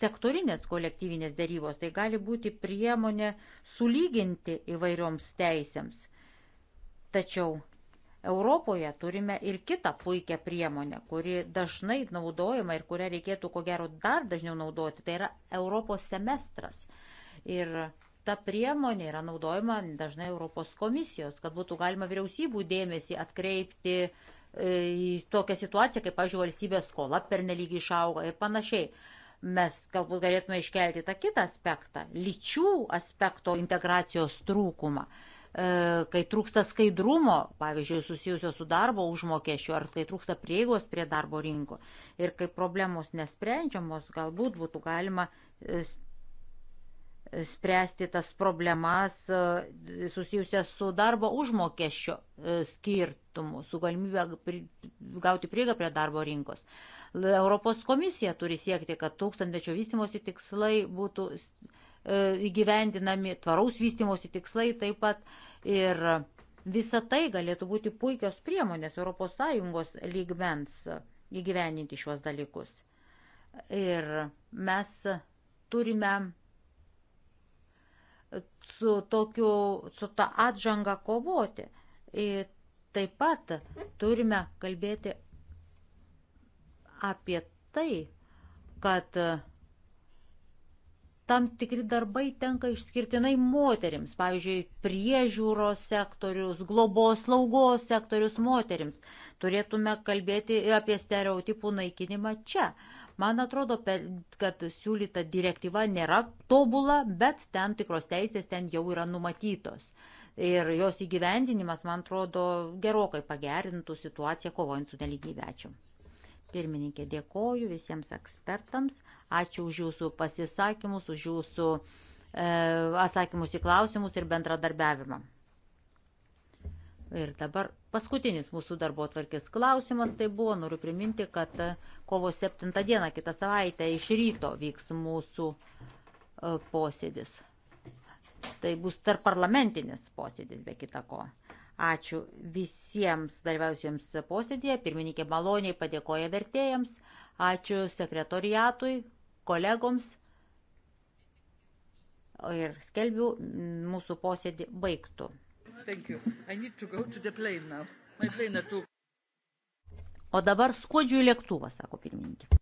sektorinės kolektyvinės darybos. Tai gali būti priemonė sulyginti įvairioms teisėms Tačiau Europoje turime ir kitą puikią priemonę, kuri dažnai naudojama ir kurią reikėtų ko gero dar dažniau naudoti, tai yra Europos semestras. Ir ta priemonė yra naudojama dažnai Europos komisijos, kad būtų galima vyriausybų dėmesį atkreipti e, į tokią situaciją, kaip, pažiūrėjau, valstybės skola pernelyg išauga ir panašiai. Mes galbūt galėtume iškelti tą kitą aspektą - lyčių aspekto integracijos trūkumą. Uh, E, kai trūksta skaidrumo, pavyzdžiui, susijusio su darbo užmokesčiu, ar kai trūksta prieigos prie darbo rinko. Ir kai problemos nesprendžiamos, galbūt būtų galima e, e, spręsti tas problemas susijusias su darbo užmokesčio skirtumu, su galimybė gauti prieigą prie darbo rinkos. Europos komisija turi siekti, kad tūkstantmečio vystimosi tikslai būtų E, įgyvendinami, tvaraus vystimosi tikslai taip pat. Ir visa tai galėtų būti puikios priemonės ES lygmens įgyvendinti šiuos dalykus. Ir mes turime su, tokiu, su ta atžanga kovoti. Ir taip pat turime kalbėti apie tai, kad uh, tam tikri darbai tenka išskirtinai moterims, pavyzdžiui, priežiūros sektorius, globos slaugos sektorius moterims. Turėtume kalbėti ir apie stereotipų naikinimą čia. Man atrodo, kad siūlyta direktyva nėra tobula, bet ten tikros teisės ten jau yra numatytos. Ir jos įgyvendinimas, man atrodo, gerokai pagerintų situaciją kovojant su neligybė. Ačiū. Pirmininkė, dėkoju visiems ekspertams. Ačiū už jūsų pasisakymus, už jūsų e, atsakymus į klausimus ir bendradarbiavimą. Ir dabar paskutinis mūsų darbo atvarkės klausimas tai buvo. Noriu priminti, kad kovo 7 dieną kitą savaitę iš ryto vyks mūsų e, posėdis. Tai bus tarp parlamentinis posėdis be kita ko. Ačiū visiems dalyvausiems posėdėje. Pirmininkė maloniai padėkoja vertėjams. Ačiū sekretoriatui, kolegoms. Ir skelbiu mūsų posėdį baigtų. O dabar skuodžiu į lėktuvą, sako pirmininkė.